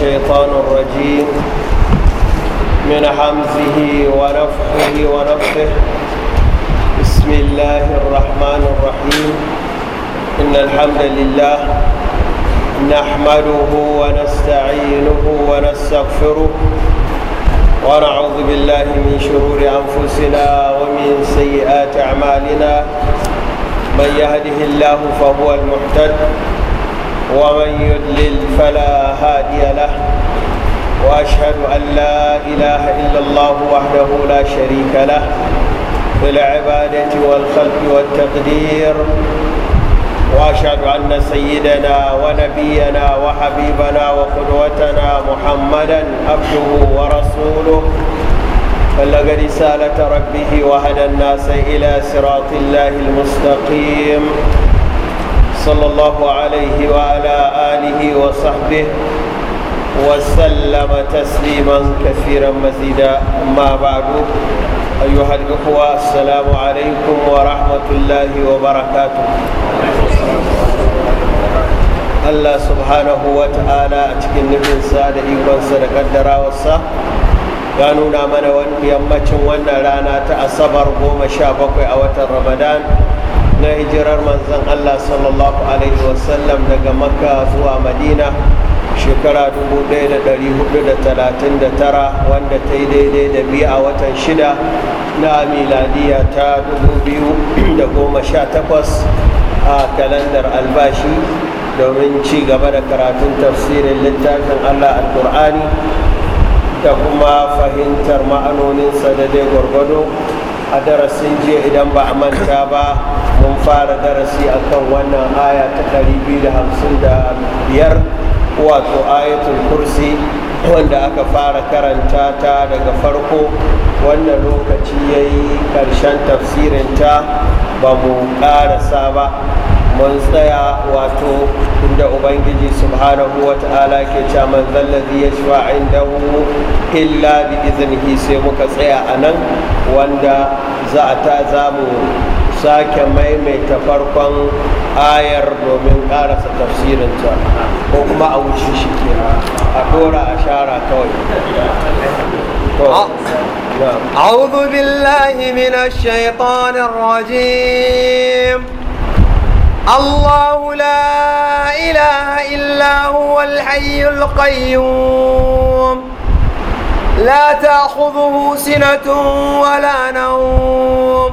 الشيطان الرجيم من حمزه ونفخه ونفخه بسم الله الرحمن الرحيم إن الحمد لله نحمده ونستعينه ونستغفره ونعوذ بالله من شرور أنفسنا ومن سيئات أعمالنا من يهده الله فهو المحتد ومن يدلل فلا هادي له وأشهد أن لا إله إلا الله وحده لا شريك له في العبادة والخلق والتقدير وأشهد أن سيدنا ونبينا وحبيبنا وقدوتنا محمدا عبده ورسوله بلغ رسالة ربه وهدى الناس إلى صراط الله المستقيم صلى الله عليه وعلى آله وصحبه وسلم تسليما كثيرا مزيدا ما بعد أيها الأخوة السلام عليكم ورحمة الله وبركاته Allah subhanahu wa ta'ala a cikin nufin sa da ikonsa da ya nuna mana yammacin wannan rana ta asabar goma sha bakwai a watan ramadan na hijirar manzan allah sallallahu alaihi wasallam daga makka zuwa madina shekara 1439 wanda ta yi daidai da biyu a watan shida na miladiya ta 2018 a kalandar albashi domin ci gaba da karatun tafsirin littafin allah alkur'ani da kuma fahimtar ma'anoninsa da dai gwargwado a darasin jiya idan ba a manta ba mun fara darasi akan wannan aya ta 255 wato ayatul kursi wanda aka fara karanta ta daga farko wannan lokaci ya yi ƙarshen ta ba mu ƙarasa ba mun tsaya wato inda ubangiji subhanahu wa ta'ala ke ce man zallazi ya shafa indahu illa bi izini sai muka tsaya a nan wanda za a ta zamu sake maimaita farkon ayar domin karasa tafsirinta ko kuma a wuce shi ke a dora a shara kawai أعوذ بالله من الشيطان الرجيم الله لا إله إلا هو الحي القيوم لا تأخذه سنة ولا نوم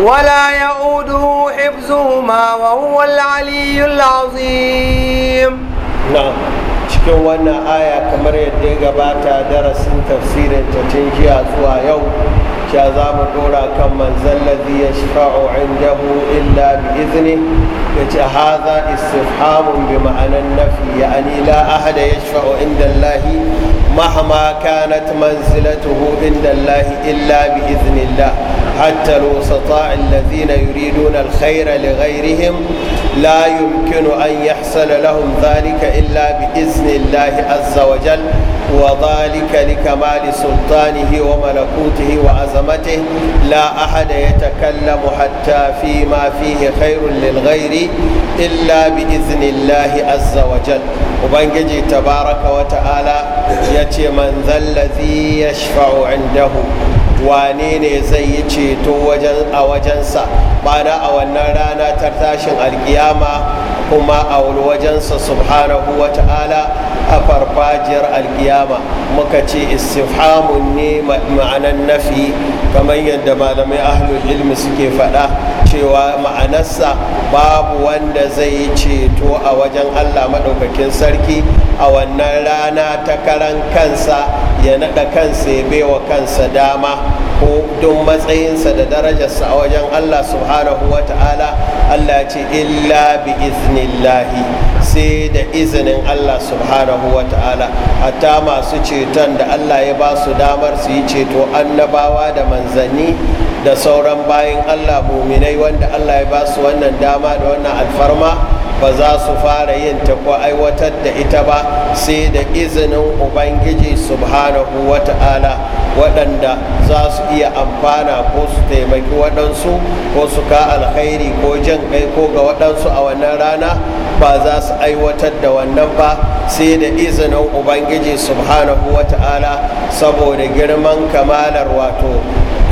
ولا يؤوده حفظهما وهو العلي العظيم نعم cikin wannan aya kamar yadda ya gabata darasin tafsirin ta tun jiya zuwa yau ya za mu dora kan manzan ladhi ya shafa'u indahu illa bi izini; ya ce haza istifhamun bi ma'anan nafi ya'ani la ahada yashfa'u inda allahi mahama kanat manzilatuhu inda lahi, illa bi iznillah حتى الوسطاء الذين يريدون الخير لغيرهم لا يمكن أن يحصل لهم ذلك إلا بإذن الله عز وجل وذلك لكمال سلطانه وملكوته وعظمته لا أحد يتكلم حتى فيما فيه خير للغير إلا بإذن الله عز وجل وبنجي تبارك وتعالى يتي من ذا الذي يشفع عنده wane ne zai yi ceto a wajensa mana a wannan rana ta tashin alkiyama kuma a wajensa subhanahu wa ta'ala a farfajiyar alkiyama muka ce istifhamun ne ma'anan nafi kamar yadda malamai ahlul ilmi suke faɗa cewa ma'anarsa babu wanda zai yi ceto a wajen allah maɗaukakin sarki a wannan rana ta karan kansa ya naɗa kansa ya baiwa kansa dama ko don matsayinsa da darajarsa a wajen Allah subhanahu wa ta'ala Allah ce illa bi iznillahi sai da izinin Allah subhanahu wa ta'ala hatta masu ceton da Allah ya ba su damar su yi ceto annabawa da manzanni da sauran bayan Allah muminai wanda Allah ya ba su wannan dama da wannan alfarma ba za su fara yin ta ko aiwatar da ita ba sai da izinin ubangiji subhanahu wa ta'ala waɗanda za su iya amfana ko su taimaki waɗansu ko su ka alkhairi ko jin kai ko ga waɗansu a wannan rana ba za su aiwatar da wannan ba sai da izinin ubangiji subhanahu wa ta'ala saboda girman kamalar wato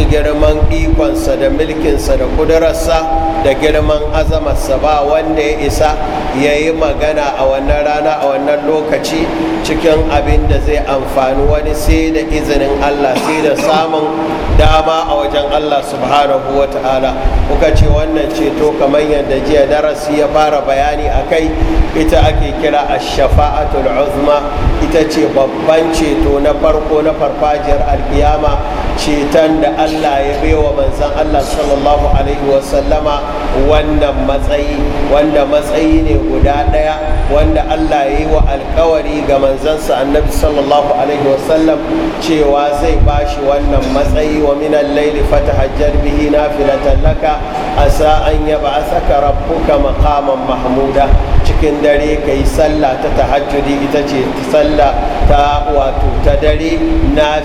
faɗi girman ikonsa da mulkinsa da ƙudurarsa da girman azamarsa ba wanda ya isa ya yi magana a wannan rana a wannan lokaci cikin abin da zai amfani wani sai da izinin allah sai da samun dama a wajen allah subhanahu wa ta'ala kuka ce wannan ceto kamar yadda jiya darasi ya fara bayani a kai ita ake kira a shafa'atul uzma ita ce babban ceto na farko na farfajiyar alkiyama ceton da allah ya baiwa manzan allah sallallahu alaihi wasallama wannan matsayi wanda matsayi ne guda ɗaya wanda allah ya yi wa alkawari ga manzansa annabi sallallahu alaihi wasallam cewa zai bashi wannan matsayi wa minan laili fata hajjar bihi na filatan laka ya an yaba asaka rabbuka maqaman mahmuda cikin dare ka yi sallah ta tahajjudi ita ce sallah ta wato ta dare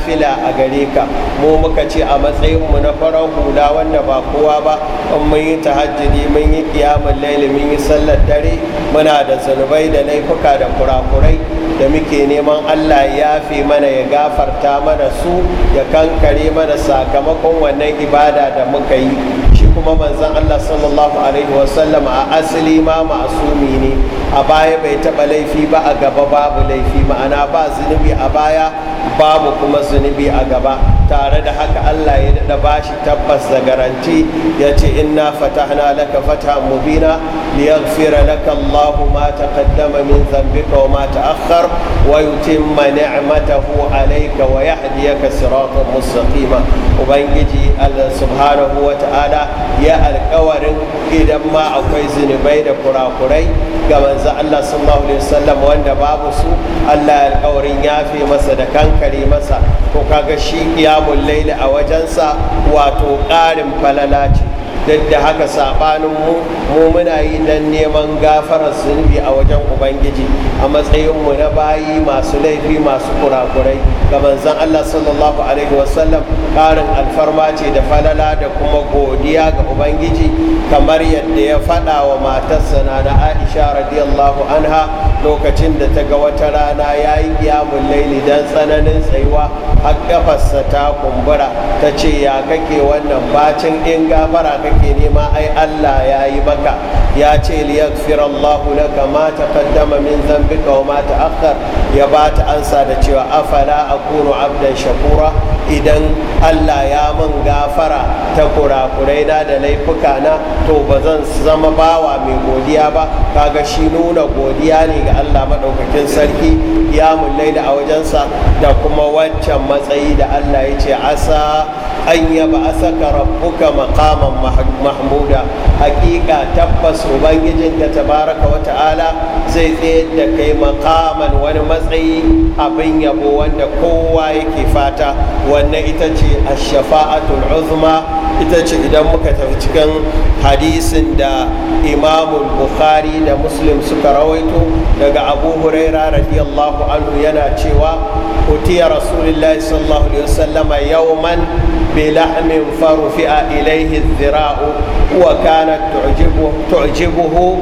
fila a gare ka mu muka ce a matsayinmu na farar hula wanda ba kowa ba in mun yi tahajjudi mun yi kiyamun laili mun yi sallar dare muna da zunubai da laifuka da kurakurai da muke neman allah ya fi mana ya gafarta mana su ya kankare mana sakamakon wannan ibada da muka yi kuma manzan Allah sallallahu alaihi wasallam a asali ma ma'asumi ne a baya bai taɓa laifi ba a gaba babu laifi ma'ana ba zunubi a baya babu kuma zunubi a gaba tare da haka Allah ya daɗa bashi tabbas da garanti ya ce inna fatahna laka fata mubina liyaghfira laka Allahu ma taqaddama min dhanbika wa ma ta'akhkhar wa yutimma ni'matahu alayka wa yahdiyaka siratan mustaqima ubangiji Allah subhanahu wa ta'ala ya alƙawarin idan ma akwai zunubai da kurakurai ga manzo Allah sallallahu alaihi wasallam wanda babu su Allah ya alƙawarin yafe masa da kankare masa ko kaga shi qiyamul layli a wajensa wato ƙarin falala ce duk da haka saɓanin mu muna yi dan neman gafarar zunubi a wajen ubangiji a matsayinmu na bayi masu laifi masu kurakurai ga manzon allah sallallahu alaihi wasallam ƙarin alfarma ce da falala da kuma godiya ga ubangiji kamar yadda ya faɗa wa matarsa na aisha radiyallahu anha lokacin da ta ga wata rana ya yi laili dan tsananin tsayuwa har kafarsa ta kumbura ta ce ya kake wannan bacin in gafara kake kake nema ai Allah ya yi maka ya ce liyaghfir Allahu laka ma taqaddama min dhanbika wa ma ta'akhkhar ya ba ta ansa da cewa afala akunu abdan shakura idan Allah ya man gafara ta kurakurai na da laifuka na to ba zan zama bawa mai godiya ba kaga shi nuna godiya ne ga Allah madaukakin sarki ya mullai da a wajensa da kuma wancan matsayi da Allah ya ce asa an yaba asaka rabbuka maqaman mahmuda hakika tabbas ubangijin ka tabaraka wa ta'ala zai tsayar da kai maqaman wani matsayi abin yabo wanda kowa yake fata wannan ita ce ash-shafa'atul uzma ita ce idan muka tafi cikin hadisin da imamul bukhari da muslim suka rawaito daga abu hurairah radiyallahu anhu yana cewa أتي رسول الله صلى الله عليه وسلم يوما بلحم فرفع إليه الذراع وكانت تعجبه, تعجبه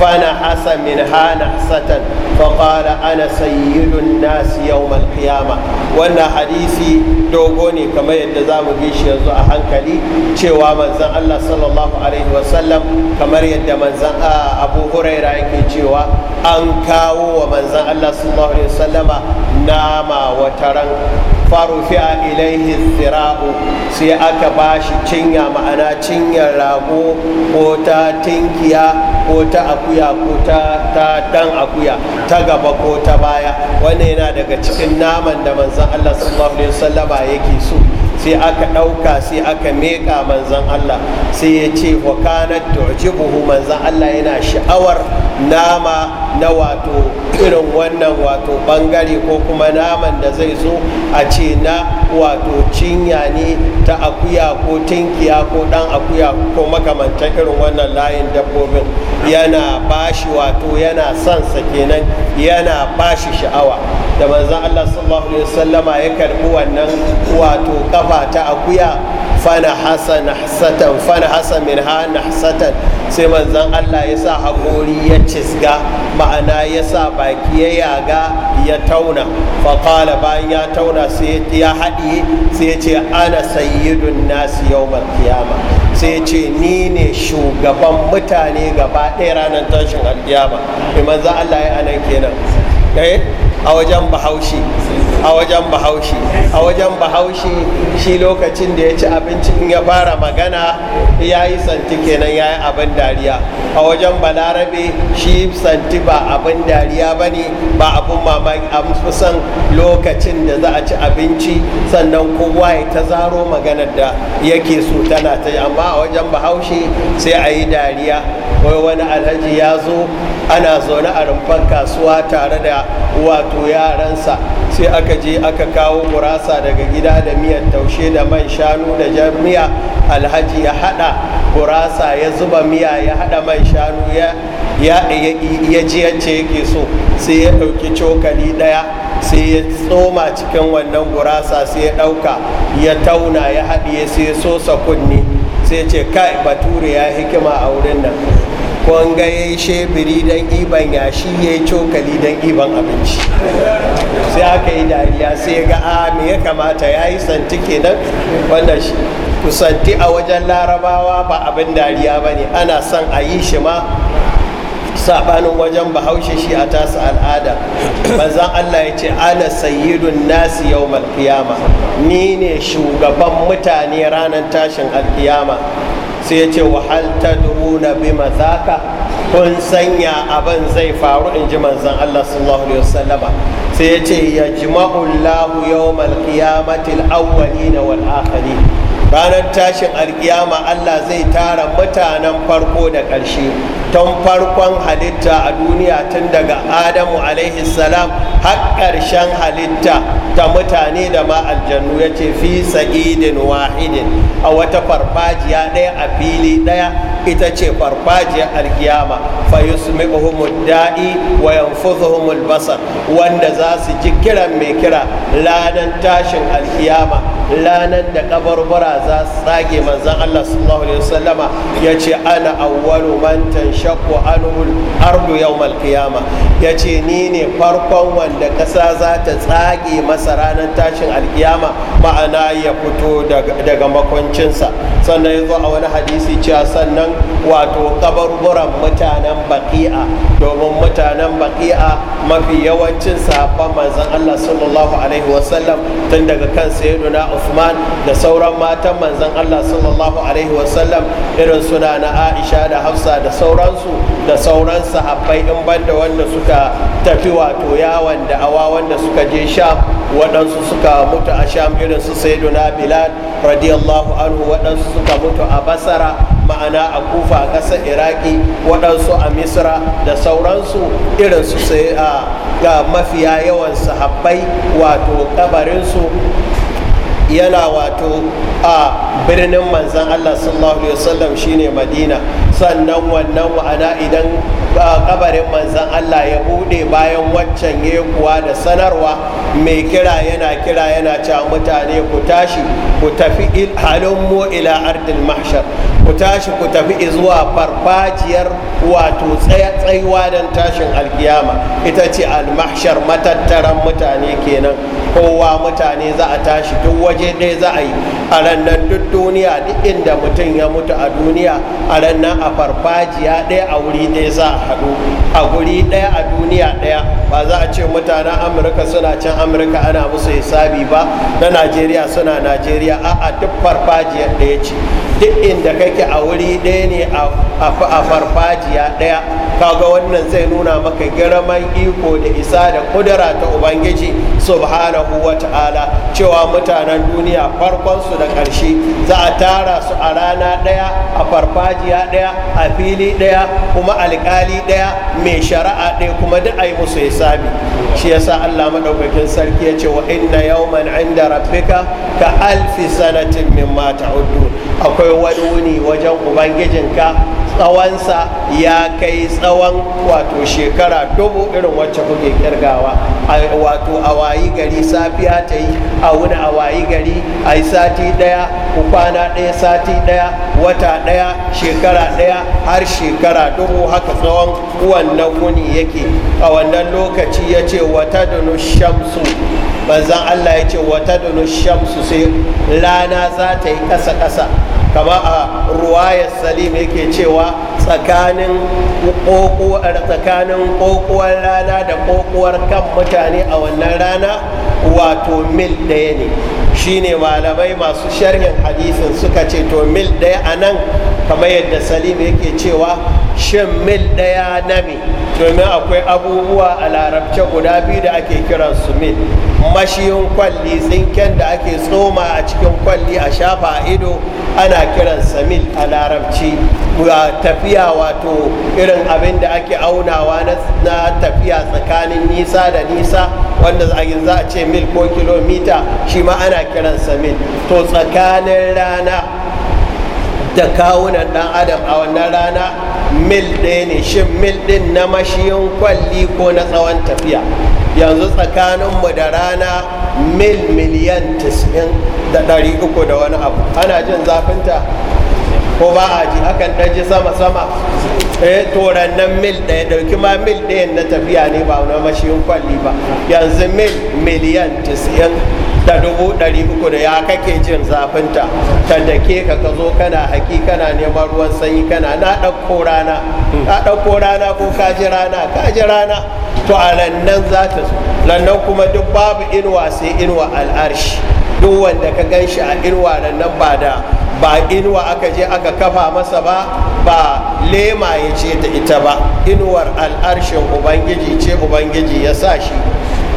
فنحس منها نحسة فقال أنا سيد الناس يوم القيامة وأن حديثي دوغوني كما يدزام جيش يزو أحنكلي شوى من زن الله صلى الله عليه وسلم كما يد من زن أبو هريرة يكي شوى أنكاو ومن زن الله صلى الله عليه وسلم nama wata ran farufiya ilaihi zira'u sai aka ba shi cinya ma'ana cinyar rago ko ta tinkiya ko ta akuya ko ta dan akuya ta gaba ko ta baya wannan yana daga cikin naman da manzan allah sallallahu alaihi wasallama yake so sai aka ɗauka sai aka meƙa manzan Allah sai ya ce wa kanat tu'jibuhu manzan Allah yana sha'awar nama na wato irin wannan wato bangare ko kuma naman da zai zo a ce na wato cinya ne ta akuya ko tinkiya ko dan akuya ko makamantar irin wannan layin dabbobin yana bashi wato yana son sa kenan yana bashi sha'awa da manzan Allah sallallahu alaihi wasallama ya karbi wannan wato kafa ta akuya fana hasan hasatan fana hasan min ha nahsatan sai manzon Allah ya sa hakori ya cisga ma'ana ya sa baki ya yaga ya tauna faƙala bayan ya tauna sai ya haɗiye sai ya ce ana sayyidun nasi yau kiyama sai ya ce ni ne shugaban mutane gaba ɗaya ranar tashin alkiyama imam za Allah ya anan kenan eh? a wajen bahaushe a wajen bahaushe a wajen bahaushe shi lokacin da ya ci abinci in ya fara magana ya yi santi kenan ya yi abin dariya a wajen balarabe shi santi ba abin dariya ba ne ba abin mamaki a kusan lokacin da za a ci abinci sannan kowa ya ta zaro maganar da yake so tana ta amma a wajen bahaushe sai a yi dariya wai wani alhaji ya zo ana zaune a rumfan kasuwa tare da wato yaransa sai aka je aka kawo gurasa daga gida da miyar taushe da man shanu da jami'a alhaji ya hada gurasa ya zuba miya ya hada man shanu ya ji yacce yake so sai ya ɗauki cokali ɗaya sai ya tsoma cikin wannan gurasa sai ya ɗauka ya tauna ya haɗiye sai ya sosa kunne sai ce kai bature ya hikima a wurin nan kun ya shebiri don iban yashi ya yi cokali don iban abinci sai aka yi dariya sai ga a ah, me ya kamata ya yi santi nan wanda shi kusanti a wajen larabawa ba abin dariya ba ne ana son a yi shi ma sabanin wajen bahaushe shi a tasa al'ada zan Allah ya ce ana sayidun nasi yau malkiyama ni ne shugaban mutane ranar tashin alkiyama sai ya ce wa hal tadruna bima zaka kun sanya abin zai faru in ji manzon Allah sallallahu alaihi wasallama sai ya ce ya jima'u Allahu yawmal qiyamati al-awwalina wal akhirin ranar tashin alkiyama allah zai tara mutanen farko da ƙarshe tun farkon halitta a duniya tun daga adamu alaihi salam har ƙarshen halitta ta mutane da ma aljannu ya ce fi sa'idin wahidin a wata farfajiya ɗaya a fili ɗaya ita ce farfajiyar alkiyama fa da'i wa yanfuzuhumul basar wanda za su ji kiran mai kira ladan tashin alkiyama lanan da kabarbara za su tsage manzan Allah sallallahu alaihi wasallama ya ce ana awwalu man tanshaqqu anhu ardu yau qiyama yace ce ni ne farkon wanda kasa za ta tsage masa ranar tashin alkiyama ma'ana ya fito daga makwancinsa sannan ya a wani hadisi cewa sannan wato kabarburan mutanen baki'a domin mutanen baki'a mafi yawancin sahabban manzan Allah sallallahu alaihi wasallam tun daga kan sayyiduna Uthman da sauran matan manzan Allah sallallahu alaihi wasallam irin suna na Aisha da Hafsa da sauransu da sauran sahabbai in banda wanda suka tafi wato yawon da awa wanda suka je Sham waɗansu suka mutu a Sham irin su Sayyiduna Bilal radiyallahu anhu waɗansu suka mutu a basara ma'ana a kufa a ƙasar iraki waɗansu a misra da sauransu su sai a mafiya yawan sahabbai wato kabarinsu yana wato a birnin manzan allah sallallahu alaihi wasallam shine madina sannan wannan ma'ana idan kabarin manzan Allah ya bude bayan waccan yekuwa da sanarwa mai kira yana kira yana cewa mutane ku tashi ku tafi mu ila ardil mahshar ku tashi ku tafi zuwa farfajiyar wato tsayuwa don tashin alkiyama ita ce almahshar matattaran mutane kenan kowa mutane za a tashi duk waje ɗaya za a yi a rannan duk duniya duk inda mutum ya mutu a duniya a rannan a farfajiya ɗaya a wuri ɗaya za a haɗu a wuri ɗaya a duniya ɗaya ba za a ce mutanen amurka suna can amurka ana musu hisabi ba na najeriya suna najeriya a'a duk farfajiyar ɗaya ce duk inda kake a wuri ɗaya ne a farfajiya ɗaya kaga wannan zai nuna maka girman iko da isa da kudura ta ubangiji subhanahu wa ta'ala cewa mutanen duniya farkon su da ƙarshe za a tara su a rana ɗaya a farfajiya ɗaya a fili ɗaya kuma alkali ɗaya mai shari'a ɗaya kuma duk a yi musu hisabi shi yasa allah maɗaukakin sarki ya ce wa inna yawman inda rabbika ka alfi sanatin mimma ta'uddu akwai wani wuni wajen ubangijinka tsawonsa ya kai tsawon wato shekara dubu irin wacce kuke kirgawa wato a wayi gari safiya ta yi a wuni a wayi gari a yi sati ɗaya ku kwana ɗaya sati ɗaya wata ɗaya shekara ɗaya har shekara dubu haka tsawon wannan wuni yake a wannan lokaci ya ce wata dunu shamsu banzan allah ya ce wata dunu shamsu sai rana za ta yi ƙasa-ƙasa kama a ruwayar salim yake cewa tsakanin tsakanin kokowar rana da kokowar kan mutane a wannan rana wato mil ɗaya ne shine malamai masu sharhin hadisin suka ce to mil ɗaya a nan kamar yadda salim yake cewa shan mil ɗaya na mi domin akwai abubuwa a larabce guda biyu da ake kiran su mil mashiyin kwalli tsinken da ake tsoma a cikin kwalli a shafa a ido ana kiran mil a larabci tafiya wato irin abin da ake aunawa na tafiya tsakanin nisa da nisa wanda za a ce mil ko kilomita shi ma ana kiran mil to tsakanin rana da kawunan dan adam a wannan rana mil ɗaya ne shin mil ɗin na mashiyin kwalli ko na tsawon tafiya yanzu tsakaninmu da rana mil miliyan 90 da ɗari uku da wani abu ana jin zafinta ko ba a ji akan ɗaji sama-sama eh toran nan mil ɗaya ɗauki ma mil ɗayan na tafiya ne ba na mashiyin kwalli ba yanzu mil miliyan 90 da dubu ɗari uku da ya kake jin zafinta ta ke ka ka zo kana haki kana neman ruwan sanyi kana na ɗauko rana na ɗauko rana ko ka ji rana ka ji rana to a lannan za ta zo lannan kuma duk babu inuwa sai inuwa al'arshi duk wanda ka gan shi a inuwa nan ba da ba inuwa aka je aka kafa masa ba ba lema ya ce ta ita ba inuwar al'arshin ubangiji ce ubangiji ya sa shi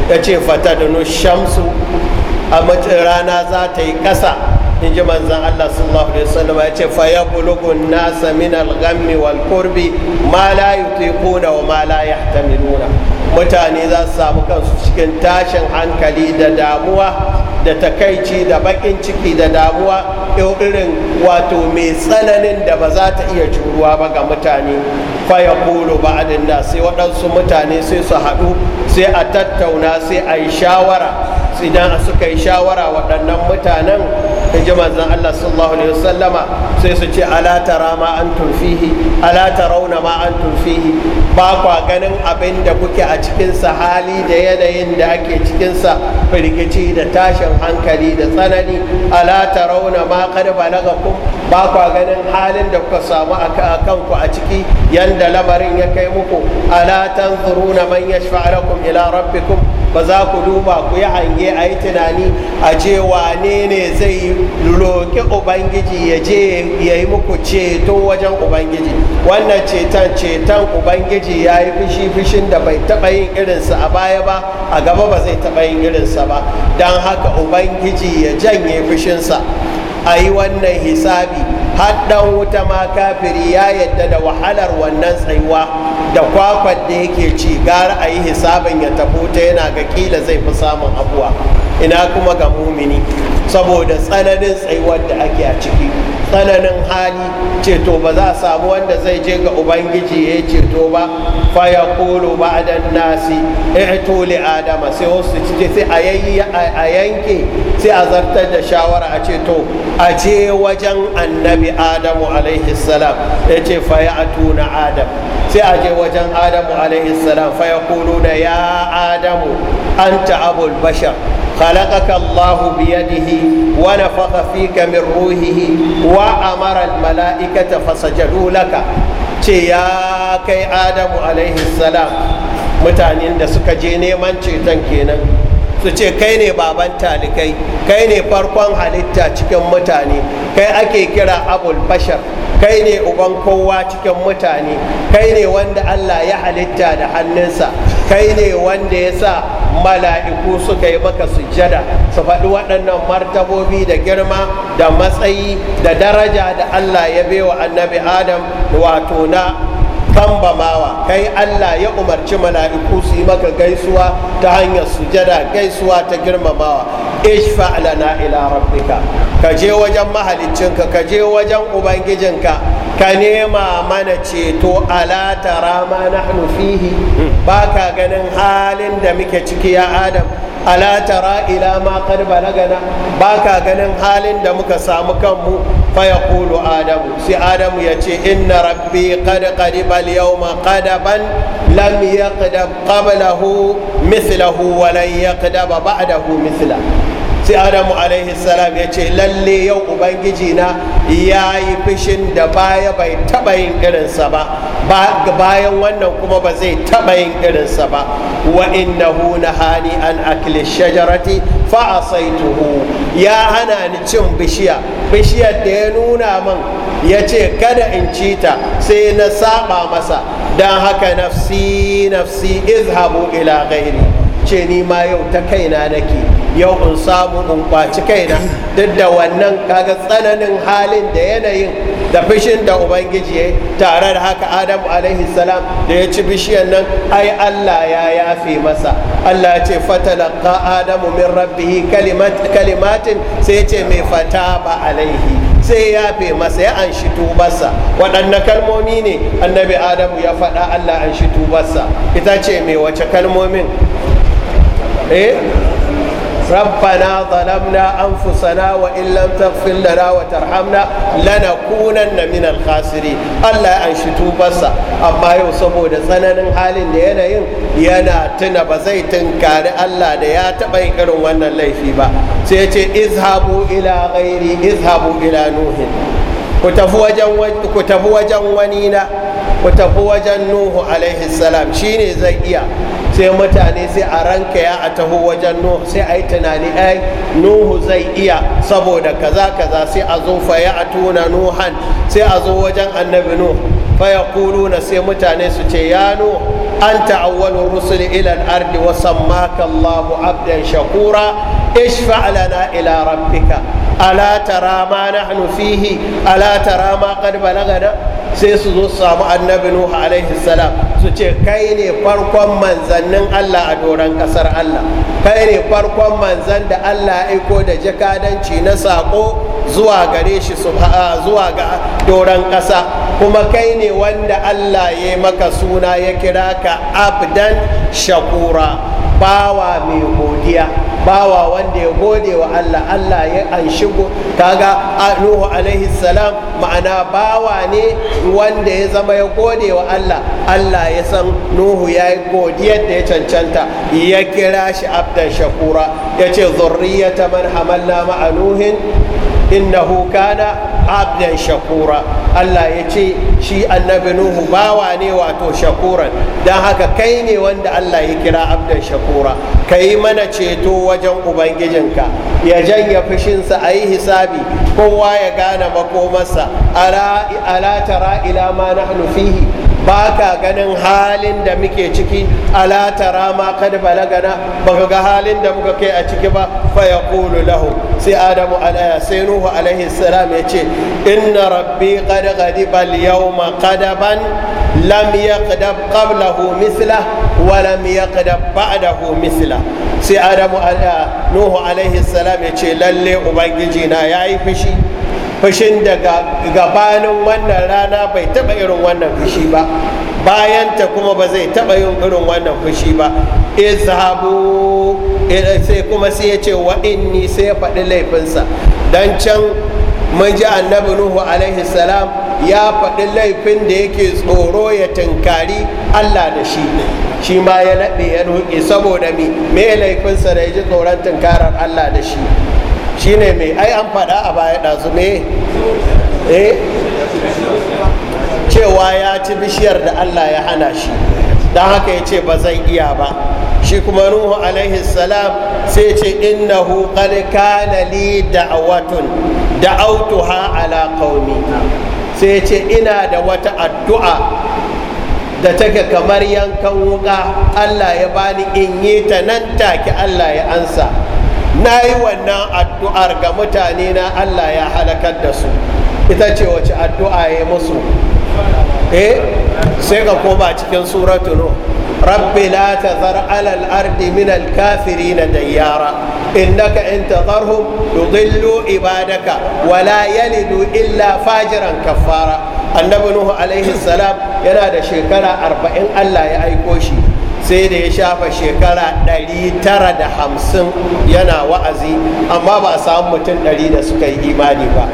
ya ce fata da shamsu a mace rana za ta yi ƙasa in ji manzan Allah sallallahu alaihi wasallam ya ce fa ya bulugun nasa min al-ghammi wal kurbi ma la yutiquna wa ma la yahtamiluna mutane za su samu kansu cikin tashin hankali da damuwa da takaici da bakin ciki da damuwa irin wato mai tsananin da ba za ta iya juruwa ba ga mutane faya kolo ba sai waɗansu mutane sai su haɗu sai a tattauna sai a yi shawara idan suka yi shawara waɗannan mutanen da ji manzon Allah sallallahu alaihi wasallama sai su ce ala tara ma an tunfihi ala tarawna ma an tunfihi ba kwa ganin abin da kuke a cikin sa hali da yanayin da ake cikin sa firgici da tashin hankali da tsanani ala tarawna ma qad balagakum ba kwa ganin halin da kuka samu a kanku a ciki yanda lamarin ya kai muku ala tanzuruna man yashfa ila rabbikum ba za ku duba ku yi hange a yi tunani a ce wane ne zai roƙi ubangiji ya je ya yi muku ceto wajen ubangiji wannan ceton ceton ubangiji ya yi fushi fushin da bai taɓa yin irinsa a baya ba a gaba ba zai taɓa yin irinsa ba don haka ubangiji ya janye fushinsa a yi wannan hisabi haddan wuta ma kafiri ya yadda da wahalar wannan tsayuwa da kwakwar da yake ci gara a yi hisabin ya tafi ta yana ga kila zai fi samun abuwa ina kuma ga mumini saboda tsananin tsayuwar da ake a ciki tsananin hali ceto ba za a samu wanda zai je ga ubangiji ya yi ceto ba Faya kolo ba dan nasi ihto li adama sai wasu cike sai a yanke sai a zartar da shawara a ceto a je wajen annabi adamu alaihi salam ya ce fa ya tuna adam sai a je wajen adamu alaihi salam fa kolo da ya adamu ta abul bashar خلقك الله بيده ونفخ فيك من روحه وأمر الملائكة فسجدوا لك يا كي آدم عليه السلام متعنين دا سكجيني من شيطان كينا su ce kai ne baban talikai kai ne farkon halitta cikin mutane kai ake kira abul bashar kai ne uban kowa cikin mutane kai ne wanda allah ya halitta da hannunsa kai ne wanda ya sa mala'iku suka yi maka sujjada su faɗi waɗannan martabobi da girma da matsayi da daraja da allah ya bewa annabi adam wato na bambamawa kai allah ya umarci mala'iku su yi maka gaisuwa ta hanyar sujada gaisuwa ta girmamawa ishfa lana ila rabbika ka je wajen mahaliccinka ka je wajen ubangijinka ka nema mana ceto ala tara ma fihi ba ka ganin halin da muke ciki ya adam ala tara ila ma qad balagana ba ka ganin halin da muka samu kanmu fa kulu adamu. sai adamu ya ce inna rabbi qad qadiba al yawma qadaban lam yaqdab qablahu mithlahu wa lan yaqdaba ba'dahu mithlahu sai adamu alaihi salam ya ce lalle yau ubangiji na ya yi fishin da baya bai taɓa yin irinsa ba bayan wannan kuma ba zai taɓa yin irinsa ba wa na nahani an akili shajarati fa asaituhu ya hana ni cin bishiya bishiyar da ya nuna min ya ce kada in ci ta sai na saba masa don haka nafsi nafsi izhabu ila gairi ce ni ma yau ta kaina nake yau in samu in kwaci kaina duk da wannan kaga tsananin halin da yanayin da fishin da ubangiji ya tare da haka Adamu alaihi salam da ya ci bishiyan nan ai allah ya yafe masa allah ce fatalaka adamu min rabbihi kalimatin sai ce mai fata ba alaihi sai ya masa ya an shi tubarsa waɗanne kalmomi ne annabi adamu ya faɗa allah an shi tubarsa ita ce mai wace kalmomin ربنا ظلمنا أنفسنا وإن لم تغفر لنا وترحمنا لنكونن من الخاسرين الله أنشتو شتوبسا أما يوصبو دسنن حال ين ينا تنب زيتن كان الله ديا تبين كرم وانا في با سيتي اذهبوا إلى غيري اذهبوا إلى نوه كتفو جنوانينا ونينا ku tafi wajen nuhu alaihi salam shine zai iya sai mutane sai a ranka ya a taho wajen nuhu sai a yi tunani ai nuhu zai iya saboda kaza kaza sai a zo fa ya tuna nuhan sai a zo wajen annabi nuhu fa ya kuluna sai mutane su ce ya nuhu an ta'awwalu rusul ila al-ardi wa sammaka Allahu abdan shakura ishfa lana ila rabbika ala tara ma nahnu fihi ala tara ma qad balagana sai su zo su samu annabi nuhu alaihi salam su ce kai ne farkon manzannin allah a doron kasar allah kai ne farkon manzan da allah aiko da jakadanci na sako zuwa gare shi zuwa ga doron kasa kuma kai ne wanda allah ya maka suna ya kira ka abdan shakura bawa mai godiya bawa wanda ya gode wa Allah Allah ya anshi kaga Nuhu alaihi salam ma'ana bawa ne wanda ya zama ya gode wa Allah Allah ya san Nuhu ya yi godiyar da ya cancanta ya kira shi abdan shakura ya ce zurriyata man hamalna Nuhin innahu kana abdan shakura Allah ya ce shi annabi nuhu bawa ne wato shakuran don haka kai ne wanda Allah ya kira abdan shakura ka yi mana ceto wajen ubangijinka ya janya fushinsa a yi hisabi kowa ya gane makomarsa ala tara ila ma nahnu fihi ba ka ganin halin da muke ciki alata rama ma kad balagana ba ka ga halin da muka kai a ciki ba fa yaqulu lahu sai adamu alaya sai nuhu alaihi salam ya ce inna rabbi qad ghadiba al-yawma qadaban lam yaqdab qablahu mislah wa lam yaqdab ba'dahu mislah sai adamu alaya nuhu alaihi salam ya ce lalle ubangiji na yayi fishi fushin daga gabanin wannan rana bai taba irin wannan fushi ba bayanta kuma ba zai taɓa yin irin wannan fushi ba izhabu eh, sai kuma sai ya ce wa inni sai ya faɗi laifinsa don can mun ji annabi nuhu alaihi salam ya faɗi laifin da yake tsoro ya tunkari allah da shi shi ma ya naɗe ya nuke saboda me me laifinsa da ya ji tsoron tunkarar allah da shi shine mai ai an faɗa a baya ɗazu me eh cewa ya ci bishiyar da allah ya hana shi don haka ya ce ba zan iya ba shi kuma nuhu alaihi salam sai ce innahu qad kana li da'watun da'awtuha ala qaumi sai ce ina da wata addu'a da take kamar yankan wuka allah ya bani in yi ta nan take allah ya ansa na yi wannan addu'ar ga mutane na allah ya halakar da su ita ce wace addu'a ya musu eh sai ka koma cikin suratu no rabbi la zar alal ardi min al na dayyara innaka in tazarhum yudillu ibadaka Wala yalidu illa fajiran kafara annabi nuhu alaihi salam yana da shekara arba'in allah ya aiko shi sai da ya shafa shekara 950 yana wa'azi amma ba a samu mutum 100 da suka yi imani ba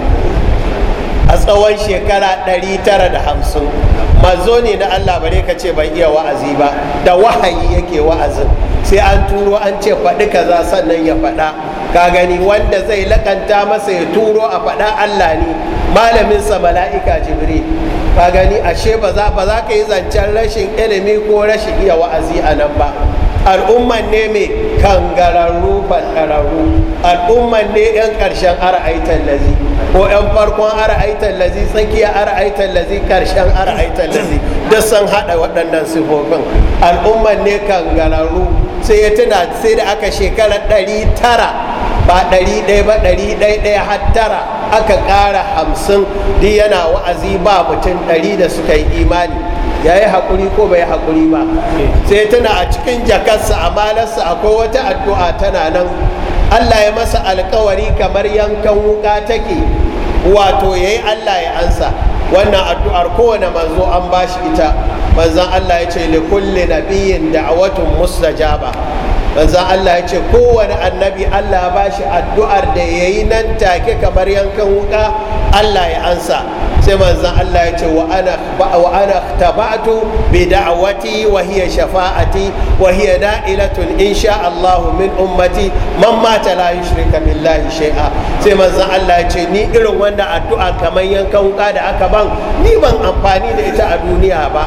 a tsawon shekara 950 mazo ne na allah bare ka ce ban iya wa'azi ba da wahayi yake wa'azin sai an turo an ce faɗi kaza sannan ya faɗa ka gani wanda zai lakanta masa ya turo a faɗa Allah ne malaminsa mala'ika jibril ka gani ashe ba za ba za ka yi zancen rashin ilimi ko rashin iya wa'azi a nan ba al'umman ne mai kangararru fadararru al'umman ne 'yan ƙarshen ara'aitan lazi ko 'yan farkon ara'aitan lazi tsakiya ara'aitan lazi ƙarshen ara'aitan lazi duk sun haɗa waɗannan sifofin al'umman ne kangararru sai ya tuna sai da aka shekarar ɗari tara ba ɗari ɗaya ba ɗari ɗaya ɗaya hattara aka ƙara hamsin duk yana wa'azi ba mutum ɗari da suka yi imani ya yi haƙuri ko bai haƙuri ba sai tana a cikin jakarsa a malarsa akwai wata addu'a tana nan allah ya masa alkawari kamar yankan wuka take wato ya yi allah ya ansa wannan addu'ar kowane manzo an bashi ita manzan allah ya ce likulli nabiyin da'awatun mustajaba manzan Allah ya ce kowane annabi Allah ba shi addu'ar da ya yi nan take kamar yankan wuka Allah ya ansa sai manzan Allah ya ce wa ana tabatu bi da'awati wa hiya shafa'ati wa hiya da'ilatun insha Allah min ummati man mata la yushrika billahi shay'a sai manzan Allah ya ce ni irin wanda addu'a kamar yankan wuka da aka ban ni ban amfani da ita a duniya ba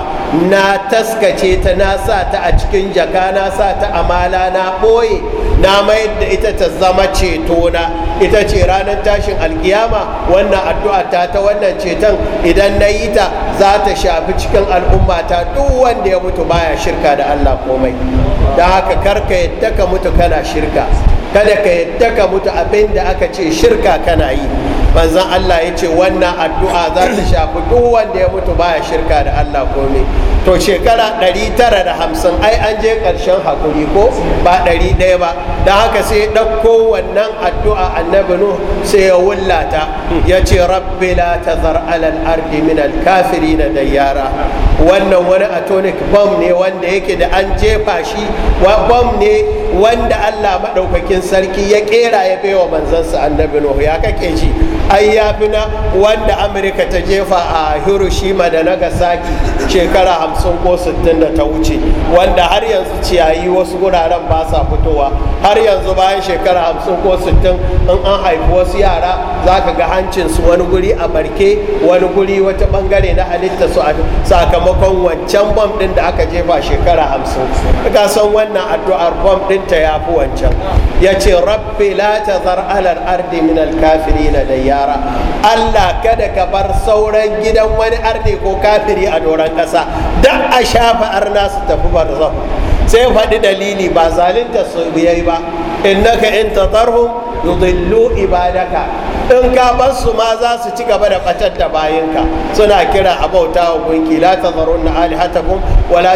na taskace ta na sa ta a cikin jaka na sa ta amala na ɓoye na mayar da ita ta zama cetona ita ce ranar tashin alkiyama wannan addu'a ta ta wannan ceton idan na yi ta za ta shafi cikin al'umma ta duk wanda ya mutu baya shirka da allah komai da haka karka yadda ka mutu kana shirka kada ka yadda ka mutu abin da aka ce shirka kana yi manzan allah ya ce wannan addu'a za ta shafi duk wanda ya mutu baya shirka da allah komai to shekara 950 ai an je ƙarshen hakuri ko ba 100 ba da haka sai ɗauko wannan addu'a annabi nuh sai ya wullata ya ce rabbi la zar alal ardi min alkafiri kafiri na yara. wannan wani atomic bomb ne wanda yake da an jefa shi bomb ne wanda allah maɗaukakin sarki ya ƙera ya bewa manzansa annabi nuh ya kake shi ai ya fi na wanda amurka ta jefa a hiroshima da nagasaki shekara hamsin ko sittin da ta wuce wanda har yanzu ciyayi wasu guraren ba sa fitowa har yanzu bayan shekara hamsin ko sittin in an haifi wasu yara za ka ga hancinsu wani guri a barke wani guri wata bangare na halitta su a sakamakon wancan bom din da aka jefa shekara hamsin ka san wannan addu'ar bom din ta ya fi wancan ya ce rabbi la ta zar alal ardi min alkafiri na da yara allah kada ka bar sauran gidan wani ardi ko kafiri a doron ƙasa da a shafa arna su tafi barzan sai faɗi dalili ba zalunta su yayi ba innaka in tatarhum yudillu ibadaka in ka su ma za su ci gaba da ɓatar da bayanka suna kira a bauta wa gunki la tazarunna alihatakum wa la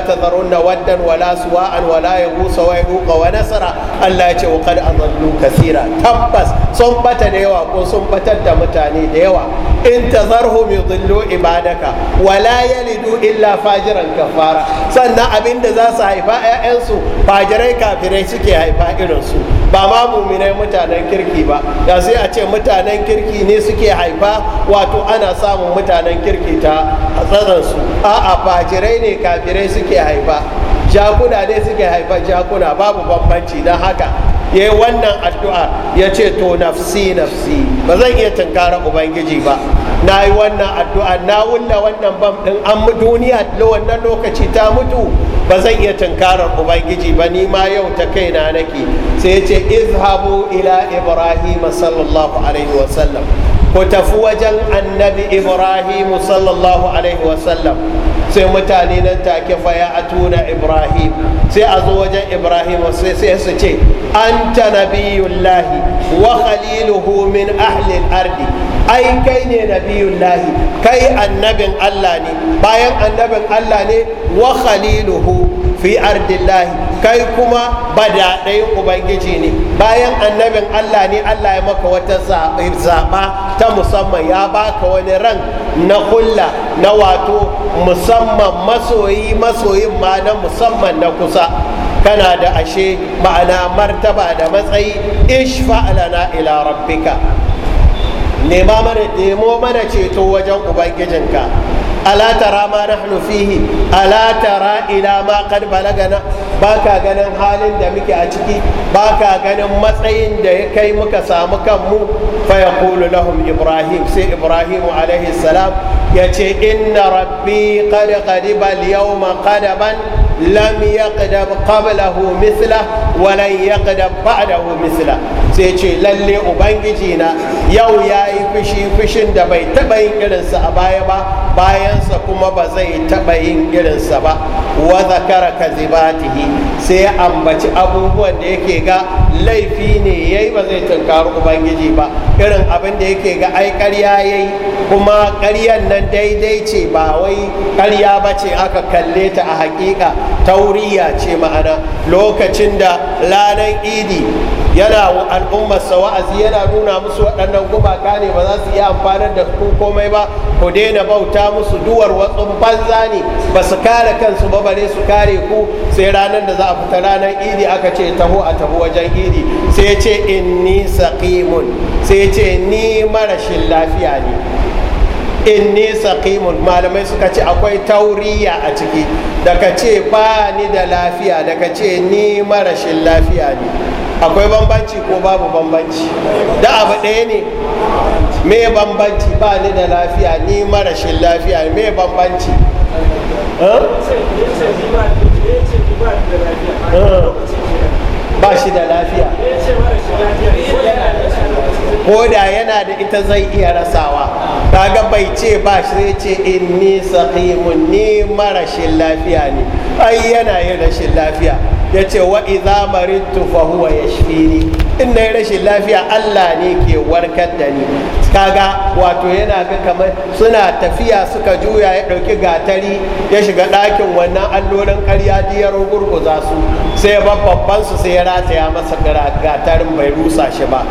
na waddan wala suwa'an wa ya gusa wa ya yaquqa wa nasara Allah ya ce wa zan adallu kaseera tabbas sun bata da yawa ko sun batar da mutane da yawa in ta mai zullo ibadaka wala ya yalidu illa fajiran kafara sannan abinda za su haifa 'ya'yansu fajirai kafirai suke haifa irin su ba ma muminai mutanen kirki ba da sai a ce mutanen kirki ne suke haifa wato ana samun mutanen kirki ta tsazansu a'a fajirai ne kafirai suke haifa jakuna ne suke haifa jakuna babu bambanci don haka ya yi wannan addu'a ya ce to nafsi nafsi ba zan iya tunkara ubangiji ba na yi wannan addu'a na wunna wannan bam ɗin an duniya wannan lokaci ta mutu ba zan iya tunkarar ubangiji ba ni ma yau ta kaina nake sai ce izhabu ila ibrahim sallallahu alaihi wasallam ku tafi wajen annabi ibrahim sallallahu alaihi wasallam sai mutane nan take fa a tuna ibrahim sai a zo wajen ibrahim sai su ce anta nabiyullahi wa khaliluhu min ahli al-ardi ai kai ne nabiyun lahi kai annabin allah ne bayan annabin allah ne wa khaliluhu fi ardillahi kai kuma badaɗayin ubangiji ne bayan annabin allah ne allah ya maka wata zaɓa ta musamman ya baka wani ran na kulla na wato musamman masoyi masoyin ma na musamman na kusa kana da ashe ma'ana martaba da matsayi ishfa ila rabbika nema mana nemo mana ceto wajen ubangijinka ala tara ma nahnu fihi ala tara ila ma qad balagana baka ganin halin da muke a ciki baka ganin matsayin da ya kai muka samu kanmu fa yaqulu lahum ibrahim sai ibrahim alaihi salam ya ce inna rabbi kada qadiba al-yawma qadaban lam yaqdab qablahu misla wa lan da ba'dahu misla sai ce lalle ubangiji na yau yayi fushi fushin da bai taba yin irinsa a baya ba bayansa kuma ba zai taba yin irinsa ba wa zakara kazibatihi sai ambaci abubuwan da yake ga laifi ne yayi ba zai tunkari ubangiji ba irin abin da yake ga ai ƙarya yayi kuma ƙaryan nan wannan daidai ce ba wai karya ba ce aka kalle ta a hakika tauriya ce ma'ana lokacin da ranar idi yana al'ummarsa wa'azi yana nuna musu waɗannan gumaka ne ba za su yi amfanar da ku komai ba ku daina bauta musu duwar watsun banza ne ba su kare kansu ba bare su kare ku sai ranar da za a fita ranar idi aka ce taho a taho wajen idi sai ce inni saqimun sai ce ni marashin lafiya ne inni saqimun malamai suka ce akwai tauriya a ciki daga ce ba ni da lafiya daga ce ni marashin lafiya ne akwai bambanci ko babu bambanci da abu ɗaya ne me bambanci ba ni da lafiya ni marashin lafiya me bambanci ba shi da lafiya ko da yana da ita zai iya rasawa kaga bai ce ba shi sai ce inni sahimun ni marashin lafiya ne ai yana yin rashin lafiya ya ce wa iza maritu fa huwa yashfini in na rashin lafiya Allah ne ke warkar da ni kaga wato yana ga kamar suna tafiya suka juya ya ɗauki gatari ya shiga ɗakin wannan allolan ƙarya ya rugurguza su sai babban su sai ya rataya masa gatarin bai rusa shi ba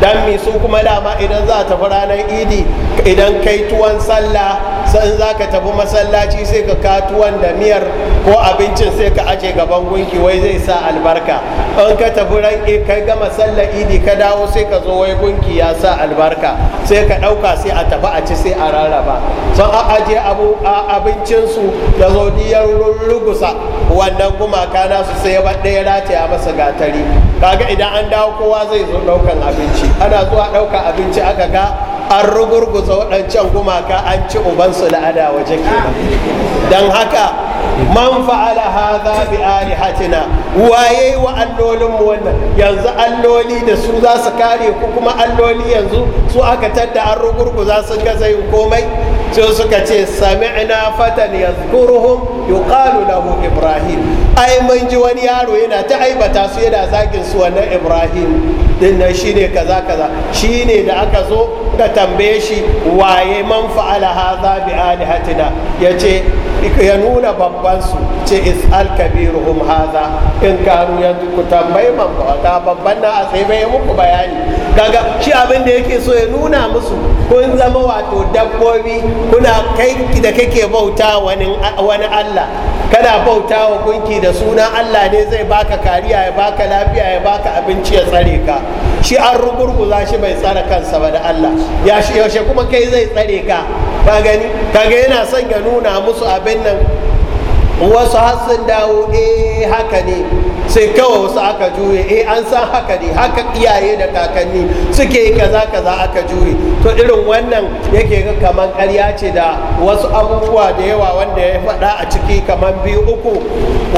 dan mi su kuma dama idan za tafi ranar idi idan kai tuwon sallah san za ka tafi masallaci sai ka ka tuwon da miyar ko abincin sai ka aje gaban gunki wai zai sa albarka in ka tafi ran kai gama sallar idi ka dawo sai ka zo wai gunki ya sa albarka sai ka ɗauka sai a tafi a ci sai a rarraba sun a aje abincinsu da zo diyar rugusa wannan gumaka nasu sai ya ɗaya rataya masa gatari kaga idan an dawo kowa zai zo daukan abinci ana zuwa daukan abinci aka ga an rugurguza waɗancan gumaka an ci ubansu la'ada waje ba. don haka man fa'ala za bi alihatina waye wa allolin mu wannan yanzu alloli da su za su kare ku kuma alloli yanzu su aka tadda an rugurguza sun gaza yin komai sai suka ce sami'na fatan yazkuruhum yuqalu lahu ibrahim ai mun ji wani yaro yana ta aibata su yana zagin su wannan ibrahim din nan shine kaza kaza ne da aka zo ka tambaye shi waye man fa'ala hadha bi alihatina yace ya nuna babbansu. ce is'al kabiruhum haza in kanu yanzu ku tambayi man bauta babban na a sai bai muku bayani kaga shi abin da yake so ya nuna musu kun zama wato dabbobi kuna kai da kake bauta wani Allah kana bauta wa gunki da suna Allah ne zai baka kariya ya baka lafiya ya baka abinci ya tsare ka shi an rugurguza shi bai tsare kansa ba da Allah ya yaushe kuma kai zai tsare ka ba gani kaga yana son ya nuna musu abin nan wasu hasin dawo e haka ne sai kawai wasu aka jure e eh, an san haka ne haka iyaye da kakanni suke yi kaza kaza aka jure to irin wannan yake ga kamar karya ce da wasu abubuwa da yawa wanda ya faɗa a ciki kamar biyu uku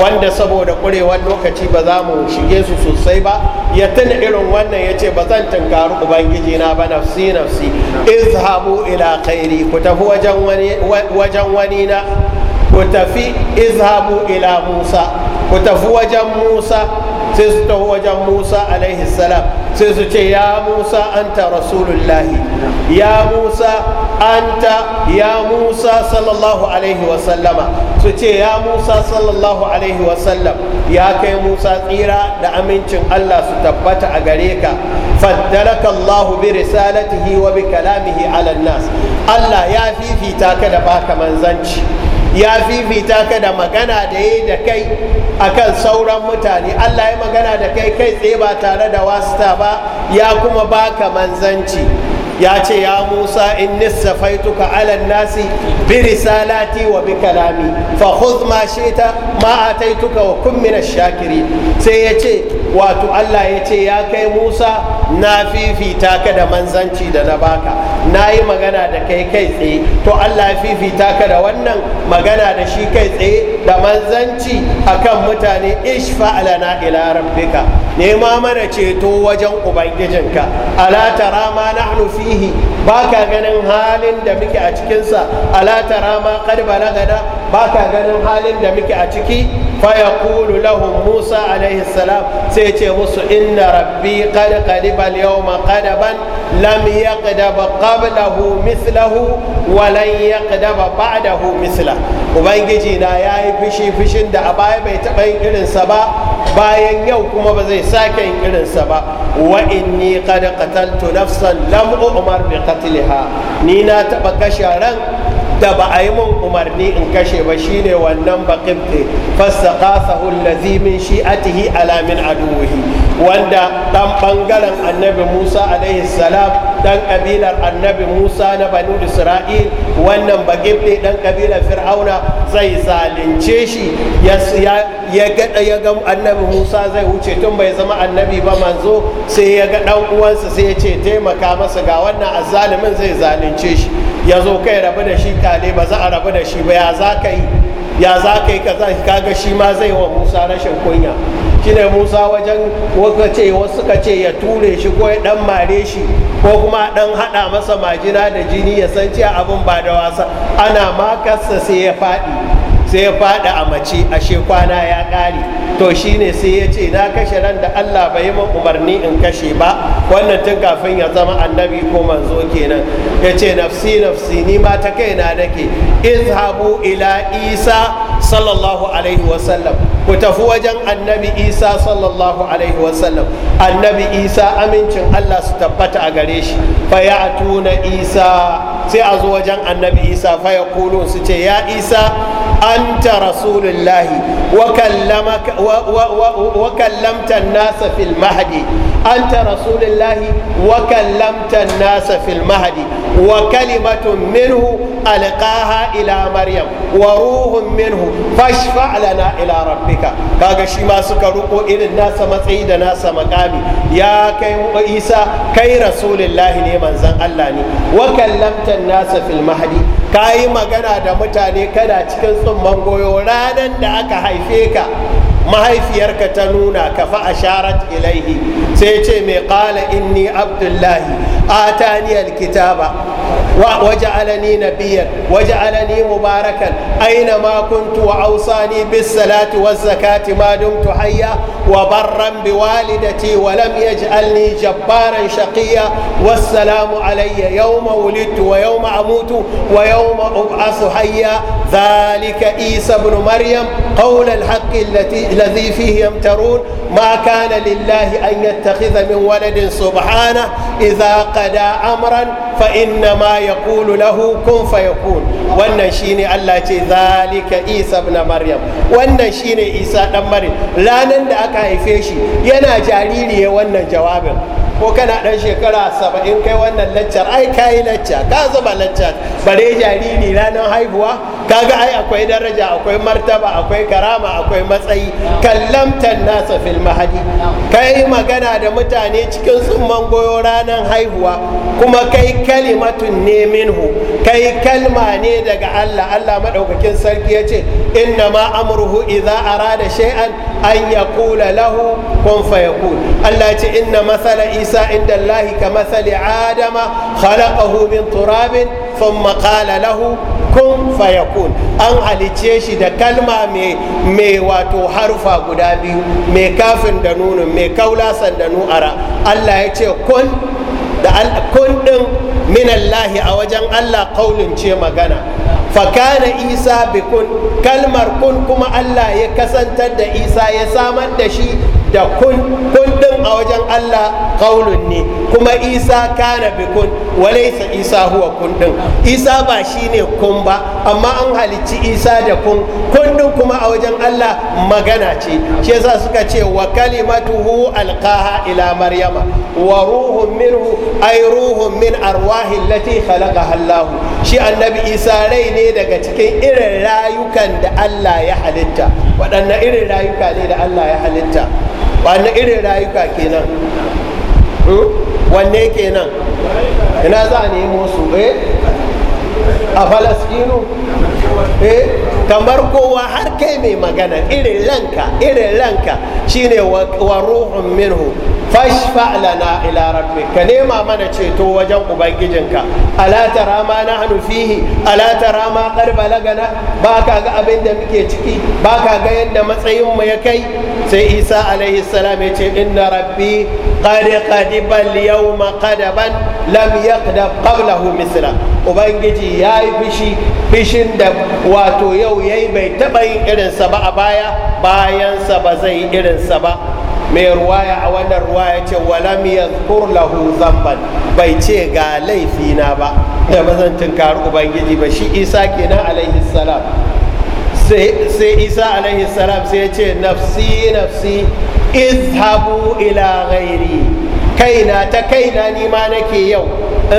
wanda saboda ƙurewar lokaci ba za mu shige su sosai ba ya tuna irin wannan ya ce ba zan tunkari ubangiji na ba nafsi nafsi izhabu ila khairi ku tafi wajen wani na ku tafi izhabu ila musa ku tafi wajen musa sai su tafi wajen musa alaihi salam sai su ce ya musa anta rasulullahi ya musa anta ya musa sallallahu alaihi wasallama su ce ya musa sallallahu alaihi wasallam ya kai musa tsira da amincin allah su tabbata a gare ka faddalaka allah bi risalatihi wa bi kalamihi ala nas allah ya fifita ka da baka manzanci ya fifita ka da magana da yi da kai akan sauran mutane allah ya magana da kai kai tsaye ba tare da wasta ba ya kuma baka manzanci ya ce ya musa in nissafaituka alan nasi bi risalati wa bi kalami fa khudh ma shita ma ataituka wa kun min ash-shakirin sai ya ce wato allah ya ce ya kai musa na fifita ka da manzanci da na baka na yi magana da kai kai tsaye to Allah fifita ka da wannan magana da shi kai tsaye da manzanci akan mutane ishfa alana ila rabbika nema mana ceto wajen ubangijinka ala tara ma nahnu fihi baka ganin halin da muke a cikinsa ala tara ma qad balagana baka ganin halin da muke a ciki fa yaqulu lahum musa alaihi salam sai ce musu inna rabbi qad qaliba اليوم قدبا لم يقدب قبله مثله ولن يقدب بعده مثله ubangiji na ya yi fishi fishin da a baya bai taɓa yin irinsa ba bayan yau kuma ba zai sake yin irinsa ba wa inni qad qataltu nafsan lam umar bi qatliha ni na taɓa kashe ran da ba a yi mun umarni in kashe ba shine wannan baqibti fastaqasahu allazi min shi'atihi ala min aduwihi wanda dan bangaren annabi Musa alaihi salam dan kabilar annabi Musa na banu Isra'il wannan baqibti dan kabilar Fir'auna zai zalunce shi ya ga annabi Musa zai wuce tun bai zama annabi ba manzo sai ya ga dan uwansa sai ya ce taimaka masa ga wannan azzalumin zai zalunce shi ya zo kai rabu da shi kale ba za a rabu da shi ba ya za ka yi ya za ka yi ka ga shi ma zai wa musa rashin kunya shine musa wajen wata ce wasu ka ce ya ture shi ko ya dan mare shi ko kuma dan hada masa majina da jini ya san cewa abin ba da wasa ana makarsa sai ya faɗi sai ya faɗi a mace ashe kwana ya ƙare to shi ne sai ya ce na kashe ran da Allah bai yi umarni in kashe ba wannan tun kafin ya zama annabi ko manzo kenan ya ce nafsi nafsi ni ma ta na nake izhabu ila isa sallallahu alaihi wasallam ku tafi wajen annabi isa sallallahu alaihi wasallam annabi isa amincin allah su tabbata a gare shi fa ya isa sai a zo wajen annabi isa faya ya kulu su ce ya isa anta rasulullahi wa kallamta nasa fil mahdi anta rasulullahi wa kallamta nasa fil mahdi wa kalimatun minhu alqaha ila maryam wa ruhun minhu fashfa lana ila rabbika kaga shi ma suka ruko irin nasa matsayi da nasa makami ya kai isa kai rasulullahi ne manzon Allah ne wa kalaman nasa mahdi ka yi magana da mutane kana cikin tsumman goyo ranar da aka haife ka mahaifiyarka ta nuna ka fa asharat ilaihi sai ce mai kala inni abdullahi atani kitaba وجعلني نبيا وجعلني مباركا أينما كنت وأوصاني بالصلاة والزكاة ما دمت حيا وبرا بوالدتي ولم يجعلني جبارا شقيا والسلام علي يوم ولدت ويوم أموت ويوم أبعث حيا ذلك عيسى بن مريم قول الحق التي الذي فيه يمترون ما كان لله أن يتخذ من ولد سبحانه إذا قدى أمرا فإنما ma kulu lahu kun kulu wannan shine Allah ce zalika Isa na Maryam wannan shi ne Isa dan Maryam ranar da aka haife shi yana jariri ya wannan jawabin ko kana dan shekara saba'in kai wannan laccar ai kayi lacca ka zuba lacca bare jariri ranar haihuwa kaga ai akwai daraja akwai martaba akwai karama akwai matsayi kallamtan nasa fil mahadi kai magana da mutane cikin tsumman goyo ranar haihuwa kuma kai kalimatun ne minhu kai kalma ne daga Allah Allah madaukakin sarki yace inna ma amruhu idza arada shay'an an yaqula lahu kun fayakun Allah yace inna masala Isa inda Allah ka masali Adama khalaqahu min turabin ثم قال له kun fayakun an alice shi da kalma mai wato harufa guda biyu mai kafin da nunun mai kaulasan da nu'ara allah ya ce kun da kun din minallahi a wajen allah kaulin ce magana fakana isa bi kun kalmar kun kuma allah ya kasantar da isa ya samar da shi da kun kullum a wajen Allah kaulun ne kuma isa kana bikun walaisa isa huwa kun din isa ba shine kun ba amma an halicci isa da kun kun din kuma a wajen Allah magana ce shi yasa suka ce wa kalimatuhu alqaha ila maryama wa ruhun minhu ay ruhun min arwahi allati khalaqaha Allah shi annabi isa rai ne daga cikin irin rayukan da Allah ya halitta waɗanne irin rayuka ne da Allah ya halitta wani irin rayuka kenan hmm? wanne kenan ina za a nemo su eh a falasdino eh kamar kowa har kai mai magana irin lanka irin ranka shine wa ruhun minhu fashfa na ila rabbi ka nema mana ceto wajen ubangijinka ala tara ma hannu fihi ala tara ma karba balagana ba ka ga abin da muke ciki ba ka ga yadda matsayin mu ya kai sai isa alaihi salam ya ce inna rabbi qad qadiba al yawma qadaban lam yaqdab qablahu misla ubangiji yayi fishi fishin da wato yau yayi bai taba yin irinsa ba a baya bayansa ba zai yi irinsa ba mai ruwaya a wannan ruwaya ce walam yadhkur lahu zamban bai ce ga laifi na ba da ba zan tunkari ubangiji ba shi isa kenan alaihi salam sai isa alaihi salam sai ya ce nafsi nafsi izhabu ila ghairi kaina ta kaina nima nake yau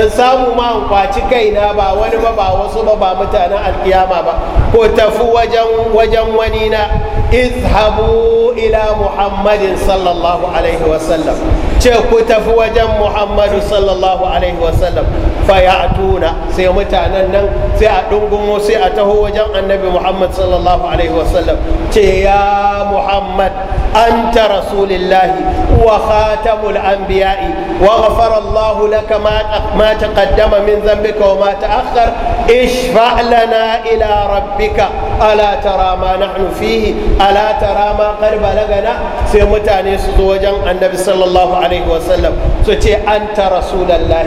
in samu ma in kwaci kaina ba wani ba ba wasu ba ba mutanen alkiyama ba ko tafi wajen wajen wani na izhabu ila muhammadin sallallahu alaihi wasallam ce ku tafi wajen muhammadu sallallahu alaihi wasallam fa ya tuna sai mutanen nan sai a dungumo sai a taho wajen annabi muhammad sallallahu alaihi wasallam ce ya muhammad أنت رسول الله وخاتم الأنبياء وغفر الله لك ما ما تقدم من ذنبك وما تأخر اشفع لنا إلى ربك ألا ترى ما نحن فيه ألا ترى ما قد بلغنا سيمتاني سزوجا النبي صلى الله عليه وسلم سيتي أنت رسول الله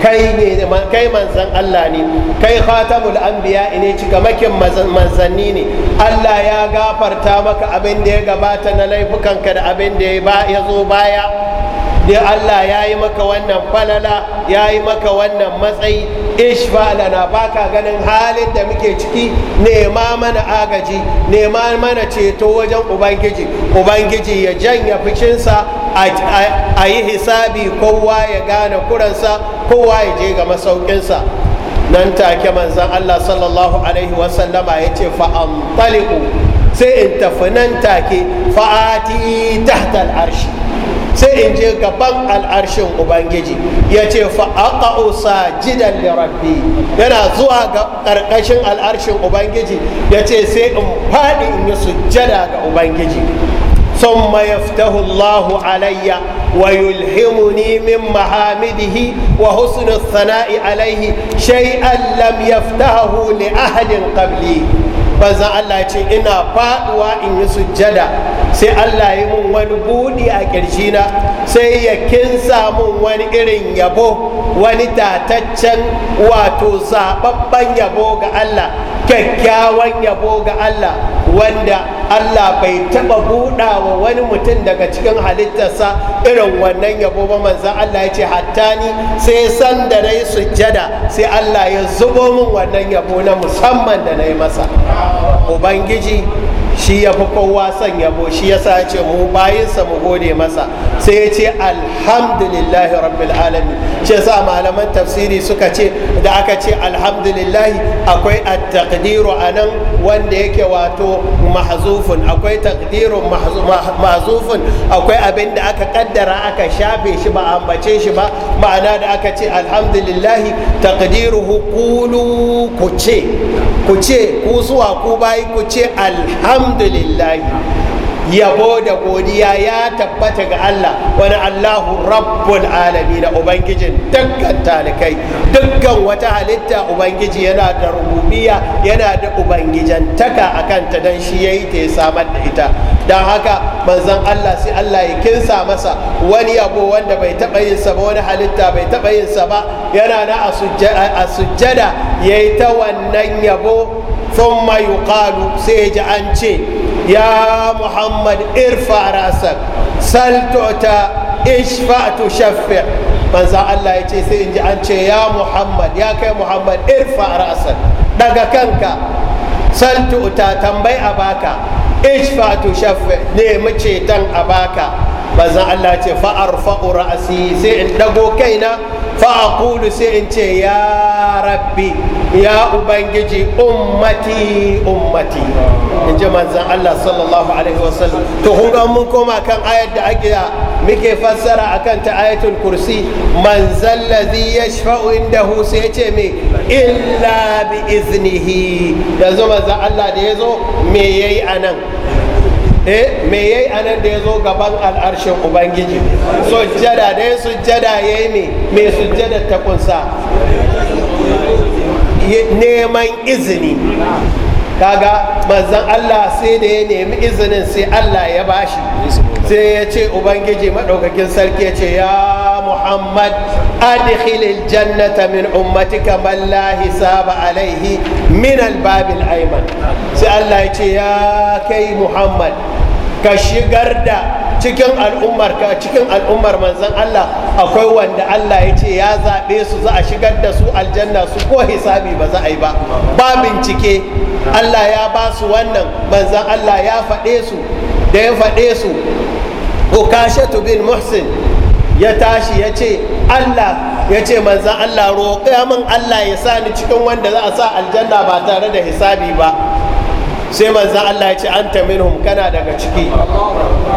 kai manzan Allah ne kai khatamul anbiya ne cikamakin manzanni ne Allah ya gafarta maka abin da ya gabata na laifukanka da abin da ya zo baya da Allah ya yi maka wannan falala ya yi maka wannan matsayi ishfa na baka ganin halin da muke ciki nema mana agaji nema mana ceto wajen ubangiji ubangiji ya janya ficinsa a yi hisabi kowa ya gane kuransa kowa ya je ga masaukinsa nan take manzan Allah sallallahu alaihi wasallama ya ce taliku sai in tafi nan take fa'ati tahtal arshi sai in je gaban al'arshin ubangiji yace ce fa'aƙa'u sajidan rabbi yana zuwa ga ƙarƙashin al'arshin ubangiji yace sai in faɗi in yi sujjada ga ubangiji sun mayaftahu allahu alayya wa yulhimuni min mahamidihi wa husnul sana'i alaihi shay'an lam yaftahu li ahadin qabli manzan Allah ce ina faduwa in yi sujjada sai Allah yi mun wani budi a na sai ya kinsa mun wani irin yabo wani tataccen wato zababban yabo ga Allah kyakkyawan yabo ga Allah wanda Allah bai taɓa buɗa wa wani mutum daga cikin halittarsa irin wannan yabo ba manzan Allah ya ce hatta ni sai san da na yi sujjada sai Allah ya zubo min wannan yabo na musamman da na yi masa Ubangiji shi ya fi kowa son yabo shi ya sa ce mu bayinsa mu gode masa sai ya ce alhamdulillahi rabbil alamin shi sa malaman tafsiri suka ce da aka ce alhamdulillahi akwai at-taqdiru anan wanda yake wato mahzufun akwai taqdirun mahzufun akwai abin da aka kaddara aka shafe shi ba ambace shi ba ma'ana da aka ce alhamdulillahi taqdiruhu qulu ku ce ku ce ku zuwa ku bayi ku ce alhamdulillahi yabo da godiya ya tabbata ga Allah wani Allahu rabbul alami na ubangijin dukkan talikai dukkan wata halitta ubangiji yana da rububiya yana da ubangijantaka a kanta don shi ya yi ta ya samar da ita don haka manzon Allah sai Allah ya kinsa masa wani yabo wanda bai taɓa yin sa ba wani halitta bai taɓa yin sa ba yana na a sujjada ya yi ta wannan yabo thumma yuqalu sai ya ji an ce يا محمد ارفع راسك سل تؤتى اشفع تشفع من الله يجي سينجي أنت يا محمد يا كي محمد ارفع راسك دقا كنك سل تؤتى تنبي أباك اشفع تشفع نيمة شيطان أباك manzan Allah ce fa'ar fa'ura a sai in dago kaina fa'a kulu sai in ce ya rabbi ya ubangiji ummati ummati in ji manzan Allah sallallahu alaihi wasallam to mun koma kan ayar da ake muke fassara akan ta ayatul kursi manzan ladhi yashfa'u indahu sai yace me illa bi iznihi yanzu manzan Allah da yazo me yayi anan eh me yayi anan da yazo gaban al'arshin ubangiji sujjada da ya sujjada yayi me me sujjada ta kunsa neman izini kaga manzan Allah sai da ya nemi izinin sai Allah ya bashi sai ya ce ubangiji maɗaukakin sarki ya ce ya muhammad adkhilil jannata min ummatika man la hisaba alaihi min albabil ayman sai Allah ya ce ya kai muhammad ka shigar da cikin al'ummar ka cikin al'ummar manzan Allah akwai wanda Allah ya ce ya zaɓe su za a shigar da su aljanna su ko hisabi ba za a yi ba ba bincike Allah ya ba su wannan manzan Allah ya faɗe su da ya faɗe su ukashatu bin muhsin ya tashi ya ce Allah ya ce manzan Allah roƙa min Allah ya sa ni cikin wanda za a sa aljanna ba tare da hisabi ba sai manzan Allah ya ce an ta minhum kana daga ciki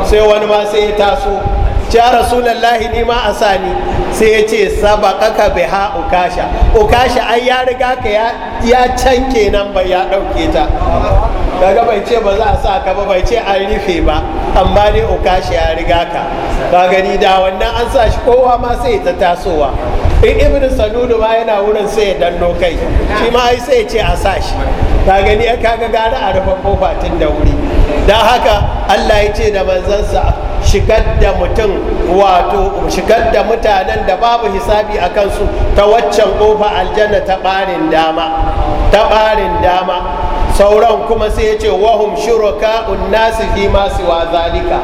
sai wani ma sai ya taso ya rasulallahi ni ma a sani sai ya ce bai ha ukasha ukasha ai ya riga ka ya can kenan bai ya dauke ta daga bai ce ba za a sa ka ba bai ce an rufe ba amma ne ukasha ya riga ka ba gani da wannan an sa shi kowa ma sai ta tasowa in ibn Sanudu ma yana wurin sai ya danno kai shi ma ai sai ya ce a sa shi ka gani ya kaga gara a rufe kofa tun da wuri don haka allah ya ce da manzansa shigar da mutum wato shigar da mutanen da babu hisabi a kansu ta waccan kofa aljanna ta barin dama ta barin dama sauran kuma sai ya ce wahum shuraka nasu fi ma wa zalika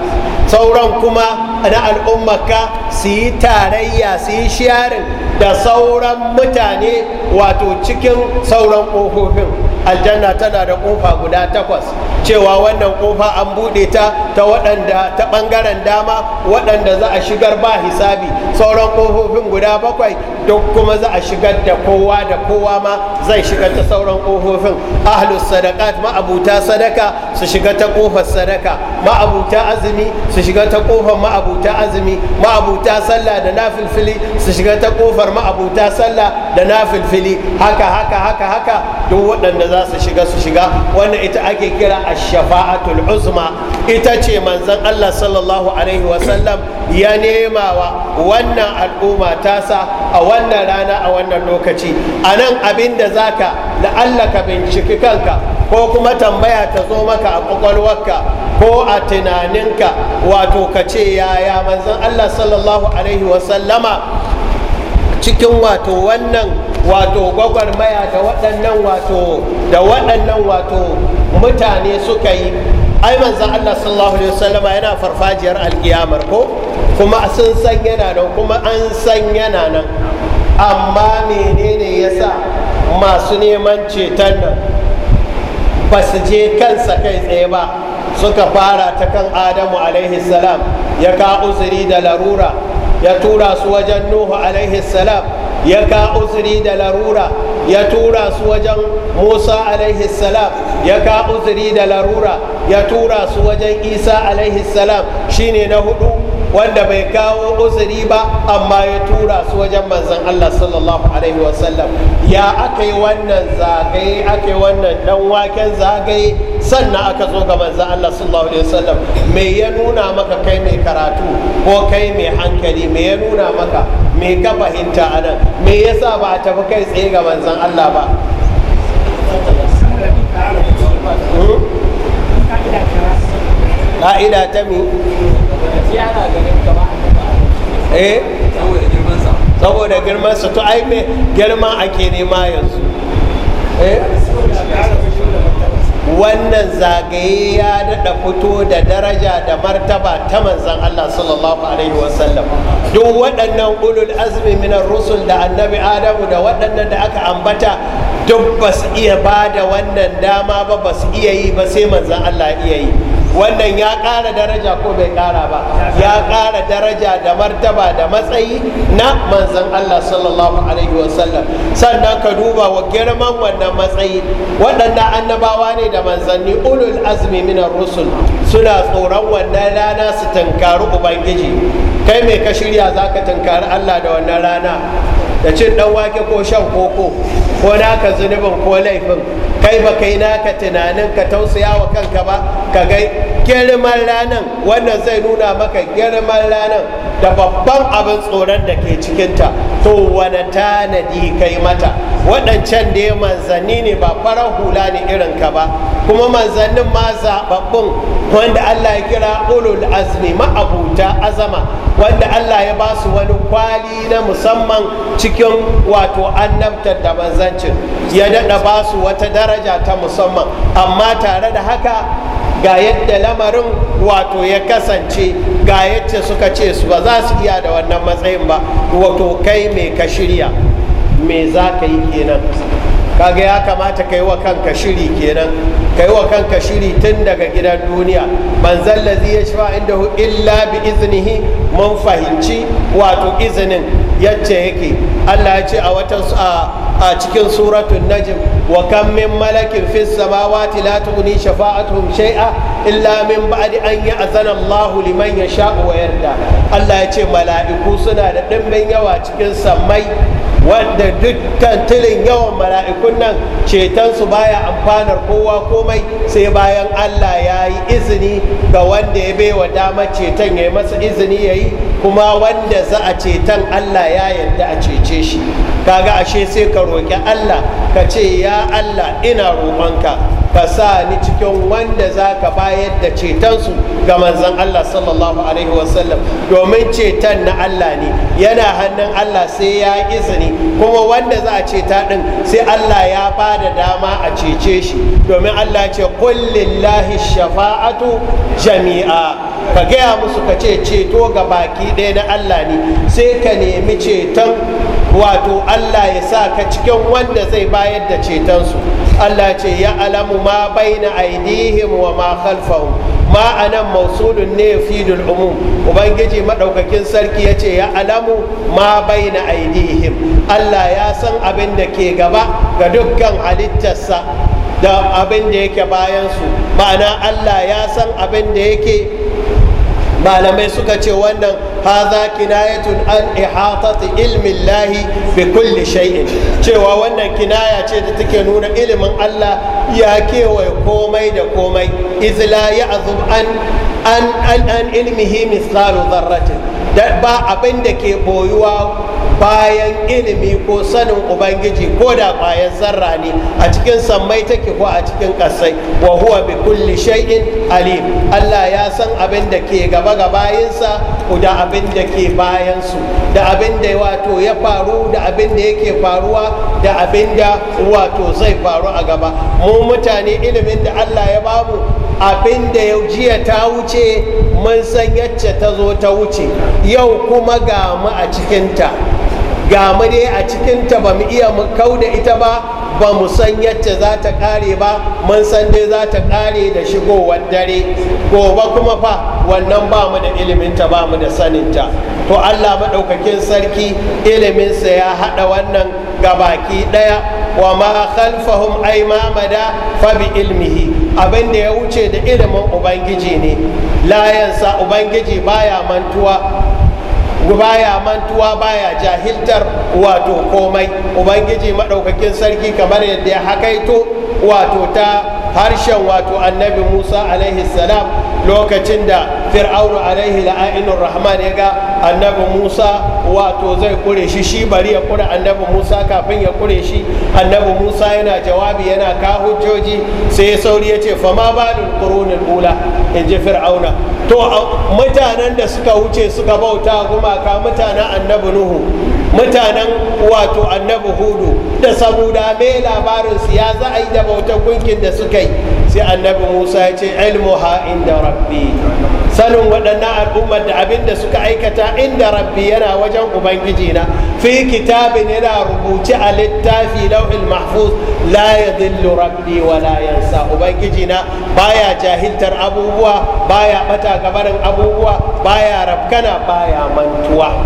sauran kuma na al'ummarka su yi tarayya su yi shiyarin da sauran mutane wato cikin sauran ƙofofin aljanna tana da kofa guda takwas cewa wannan kofa an buɗe ta ta waɗanda ta ɓangaren dama waɗanda za a shigar ba hisabi sauran kofofin guda bakwai duk kuma za a shigar da kowa da kowa ma zai shiga ta sauran kofofin ahlus sadaqat ma'abuta sadaka su shiga ta kofar sadaka ma'abuta azumi su shiga ta kofar ma'abuta azumi ma'abuta sallah da nafilfili su shiga ta kofar ma'abuta sallah da nafilfili haka haka haka haka duk waɗanda za su shiga su shiga wannan ita ake kira a shafaatul uzma ita ce manzan Allah sallallahu alaihi wasallam ya nema wa wannan al'umma tasa a wannan rana a wannan lokaci A nan abin da zaka la'allaka binciki kanka ko kuma tambaya ta zo maka a kwakwalwarka ko a tunaninka wato ka ce yaya manzan Allah sallallahu alaihi wasallama cikin wato wannan wato gwagwarmaya da waɗannan wato da waɗannan wato mutane suka yi ai manzan Allah sallallahu alaihi wasallam yana farfajiyar alkiyamar ko kuma sun san yana nan kuma an san yana nan amma menene yasa masu neman ceton nan ba su je kansa kai tsaye ba suka fara ta kan adamu alaihi salam ya ka uzuri da larura ya tura su wajen nuhu alaihi salam ya ka uzuri da larura ya tura su wajen musa alaihi salam ya ka uzuri da larura ya tura su wajen isa alaihi salam shine na hudu wanda bai kawo uzuri ba amma ya tura su wajen manzan allah sallallahu alaihi wasallam ya aka yi wannan zagaye aka yi wannan dan waken zagaye sannan aka zo ga manzan Allah sallallahu alaihi wasallam me ya nuna maka kai mai karatu ko kai mai hankali me ya nuna maka me ka fahimta anan me yasa ba a tafi kai tsaye ga manzan Allah ba ka'ida ta mi eh saboda girmansa to ai me girma ake nema yanzu eh wannan zagaye ya daɗa fito da daraja da martaba ta manzan Allah sallallahu alaihi wasallam duk waɗannan ulul azmi minar rusul da annabi adamu da waɗannan da aka ambata duk ba su iya ba da wannan dama ba ba su iya yi ba sai manzan Allah iya yi wannan ya ƙara daraja ko bai ƙara ba ya ƙara daraja da martaba da matsayi na manzan Allah sallallahu alaihi wasallam sannan ka duba wa girman wannan matsayi waɗannan annabawa ne da manzanni ulul azmi minar rusul suna tsoron wannan rana su tunkari ubangiji kai mai ka shirya zaka ka Allah da wannan rana da cin dan wake ko shan koko ko naka zunubin ko laifin kai ba kai naka tunanin ka tausaya wa kanka ba ka gai girman ranan wannan zai nuna maka girman ranan da babban abin tsoron da ke cikinta to wane tanadi kai mata waɗancan da ya manzanni ne ba farar hula ne irin ka ba kuma manzannin ma zaɓaɓɓun wanda Allah ya kira ulul azmi ma'abuta azama wanda Allah ya ba su wani kwali na musamman cikin wato annabtar da manzancin ya daɗa ba su wata daraja ta musamman amma tare da haka ga yadda lamarin wato ya kasance ga yadda suka ce su ba za su iya da wannan matsayin ba wato kai mai ka shirya me za ka yi kenan kaga ya kamata ka yi wa kanka shiri kenan ka yi wa kanka shiri tun daga gidan duniya manzan lazi ya shafa inda illa bi iznihi mun fahimci wato izinin yacce yake Allah ya ce a watan a cikin suratun Najim wa kan min malakin fis samawati la tughni shafa'atuhum shay'a illa min ba'di an ya'zana Allah liman yasha'u wa yarda Allah ya ce mala'iku suna da dimbin yawa cikin sammai wanda dukkan tilin yawan mala'ikun nan su baya amfanar kowa komai sai bayan allah ya yi izini ga wanda ya baiwa damar ceton ya yi masa izini ya yi kuma wanda za a ceton allah ya yadda a cece shi kaga ashe sai ka roƙi allah ka ce ya allah ina roƙonka ka ni cikin wanda za ka bayar da cetonsu ga manzan Allah sallallahu alaihi wasallam domin ceton na Allah ne yana hannun Allah sai ya izini kuma wanda za a ceta ɗin sai Allah ya ba da dama a cece shi domin Allah ce kullillahi shafa'atu jami'a ka gaya musu ka ce ceto ga baki ɗaya na Allah ne sai ka nemi ceton wato Allah ya sa ka cikin wanda zai bayar da cetonsu Allah ce ya alamu ma baina aidihim wa ma khalfahum ma anan mausulun ne fidul umum ubangiji madaukakin sarki ya ce ya alamu ma baina aidihim Allah ya san abin da ke gaba ga dukkan halittarsa da abin da yake bayansu ma'ana Allah ya san abin da yake malamai suka ce wannan haza kinayatun an ihatati ilmin lahi bi kulli shay'in cewa wannan kinaya ce da take nuna ilimin Allah ya kewaye komai da komai iz la ya'zub an an an ilmihi misalu dharratin ba abin da ke boyuwa bayan ilimi ko sanin ubangiji ko da ƙwayar zarra ne a cikin sammai take ko a cikin ƙasai wa huwa bi kulli shay'in alim Allah ya san abin da ke gaba ga ko da abin da ke bayan su da abin da wato ya faru da abin da yake faruwa da abin da wato zai faru a gaba mu mutane ilimin da Allah ya bamu abin da ya jiya ta wuce mun san yacce ta zo ta wuce yau kuma gamu a cikinta bamu dai a cikinta ba mu iya mu kau da ita ba ba mu san yadda za ta kare ba mun san dai za ta kare da shigowar dare gobe kuma fa wannan ba mu da iliminta ba mu da saninta to allah maɗaukakin sarki iliminsa ya haɗa wannan gabaki ɗaya wa ma khalfahum ay ma mada fa bi ilmihi abin da ya wuce da ilimin ubangiji ne layansa ubangiji baya mantuwa ya mantuwa baya jahiltar wato komai ubangiji maɗaukakin sarki kamar yadda ya hakaito wato ta harshen wato annabi musa alaihi salam lokacin da fir'aunu alaihi la'ainur rahman ya ga annabi musa wato zai kure shi shi bari ya kure annabi musa kafin ya kure shi annabi musa yana jawabi yana ka hujjoji sai sauri ya ce fama da kurunin ula in ji fir'auna to mutanen da suka wuce suka bauta gumaka mutanen annabi nuhu mutanen wato annabi hudu da saboda me labarin su ya za a yi da bautar gunkin da suka yi sai annabi musa ya ce ilmuha inda rabbi sanin waɗannan al'ummar da abin da suka aikata inda rabbi yana wajen ubangiji na fi kitabin yana rubuce a littafi lauhin mahfuz la ya dillu rabbi wa la yansa ubangiji na baya jahiltar abubuwa baya bata gabarin abubuwa baya rabkana baya mantuwa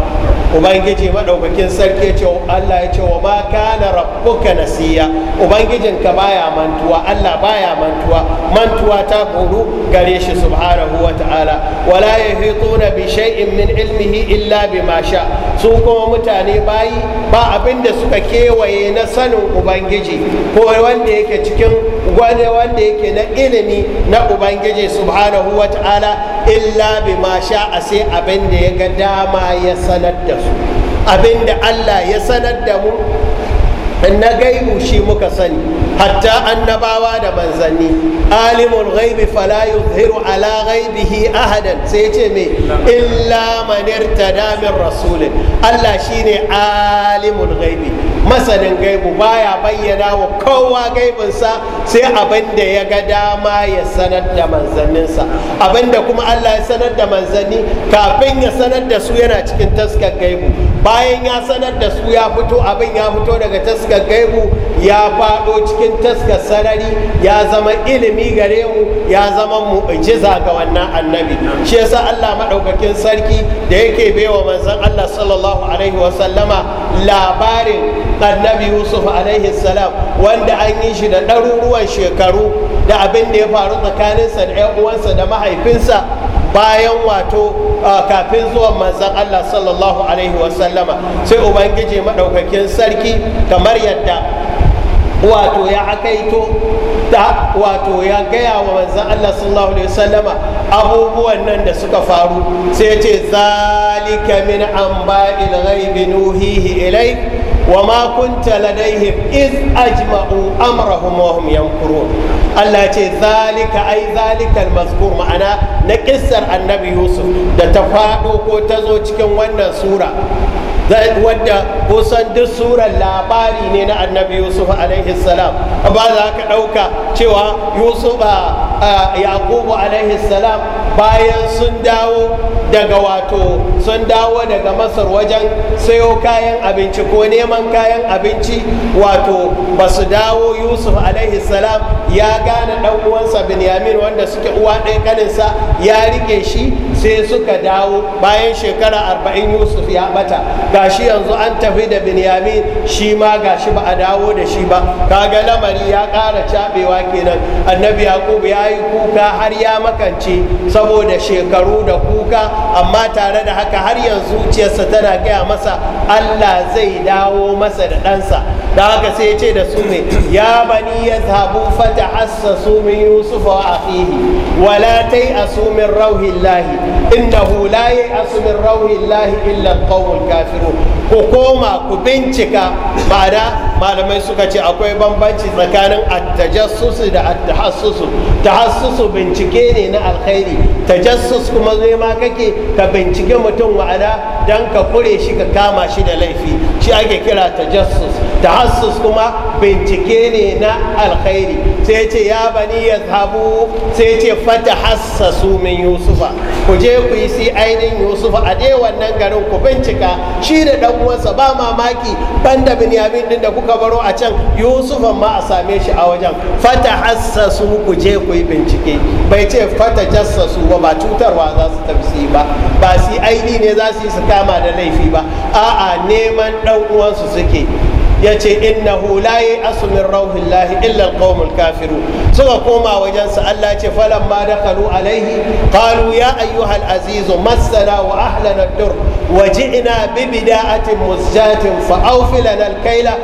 ubangiji madaukakin sarki ce Allah ya ce wa ma kana rabbuka nasiya ubangijin ka baya mantuwa Allah baya mantuwa mantuwa ta koru gare shi subhanahu wa ta'ala wala yahituna bi shay'in min ilmihi illa bima sha su kuma mutane bayi ba abin da suka kewaye na sanin ubangiji ko wanda yake cikin wani wanda yake na ilimi na ubangiji subhanahu wa ta'ala illa bi ma a sai abin da ya ga dama ya sanar da su abin da allah ya sanar da mu na gaibu shi muka sani hatta annabawa da manzanni alimul ghaibi fala yuzhiru ala ghaibihi ahadan sai ce me illa rasulin Allah shine masanin gaibu baya bayyana wa kowa gaibinsa sai abin da ya ga dama ya sanar da manzanninsa abin da kuma allah ya sanar da manzanni kafin ya sanar da su yana cikin taskar gaibu bayan ya sanar da su ya fito abin ya fito daga taskar gaibu ya fado cikin taskar sarari ya zama ilimi gare mu ya zama mu'jiza ga wannan annabi shi yasa allah maɗaukakin sarki da yake baiwa manzan allah sallallahu alaihi wasallama labarin annabi yusuf alaihi salam wanda an yi shi da ɗaruruwan shekaru da abin da ya faru tsakaninsa da 'yan uwansa da mahaifinsa bayan wato kafin zuwan manzan Allah sallallahu alaihi wasallama sai ubangiji maɗaukakin sarki kamar yadda wato ya akaito ta wato ya gaya wa manzan Allah sallallahu alaihi wasallama abubuwan nan da suka faru sai ya ce zalika min amba'il ghaibi nuhihi ilaik وما كنت لديهم إذ أجمعوا أمرهم وهم يمكرون الله يقول ذلك أي ذلك المذكور معنا نكسر النبي يوسف da ta faɗo ko ta zo cikin wannan sura wadda kusan duk surar labari ne na annabi yusuf alaihi salam ba za ka ɗauka cewa yusuf a yakubu alaihi salam bayan sun dawo daga wato sun dawo daga masar wajen sayo kayan abinci ko neman kayan abinci wato ba su dawo yusuf alaihi salam ya gane ɗan uwansa binyamin wanda suke uwa ɗaya kaninsa ya rike shi sai suka dawo bayan shekara arba'in yusuf ya bata gashi yanzu an tafi da binyamin shi ma gashi ba a dawo da shi ba kaga lamari ya ƙara cabewa kenan annabi yakubu ya yi kuka har ya makance saboda shekaru da kuka amma tare da haka har yanzu zuciyarsa tana gaya masa allah zai dawo masa da ɗansa da haka sai ya ce da su ne ya bani ya zabu fata assasu min yusuf wa akhihi wa la ta'asu min rauhillahi innahu la ya'asu min rauhillahi illa alqawmul kafirun ku koma ku bincika ba malamai suka ce akwai bambanci tsakanin attajassus da attahassus tahassus bincike ne na alkhairi tajassus kuma zai ma kake ka bincike mutum wa'ada dan ka kure shi ka kama shi da laifi shi ake kira ta ta tahassus kuma bincike ne na alkhairi sai ce ya bani ya zabu sai ce fata hassasu min yusufa ku je ku yi si ainihin yusufa a ɗaya wannan garin ku bincika shi da ɗan uwansa ba mamaki ban banda binyamin din da kuka baro a can yusufa ma a same shi a wajen fata hassasu ku je ku yi bincike bai ce fata jassasu ba ba cutarwa za su tafsi ba ba yi aini ne za su yi su kama da laifi ba a'a neman yan uwansu suke ya ce hula la yi asumin rauhin lahi illa alqawmul kafiru suka koma wajensa Allah ce falan ma dakhalu alaihi qalu ya ayyu aziz massana wa ahlana dur ina ji'na bi bida'atin musjatin fa awfi lana alkayla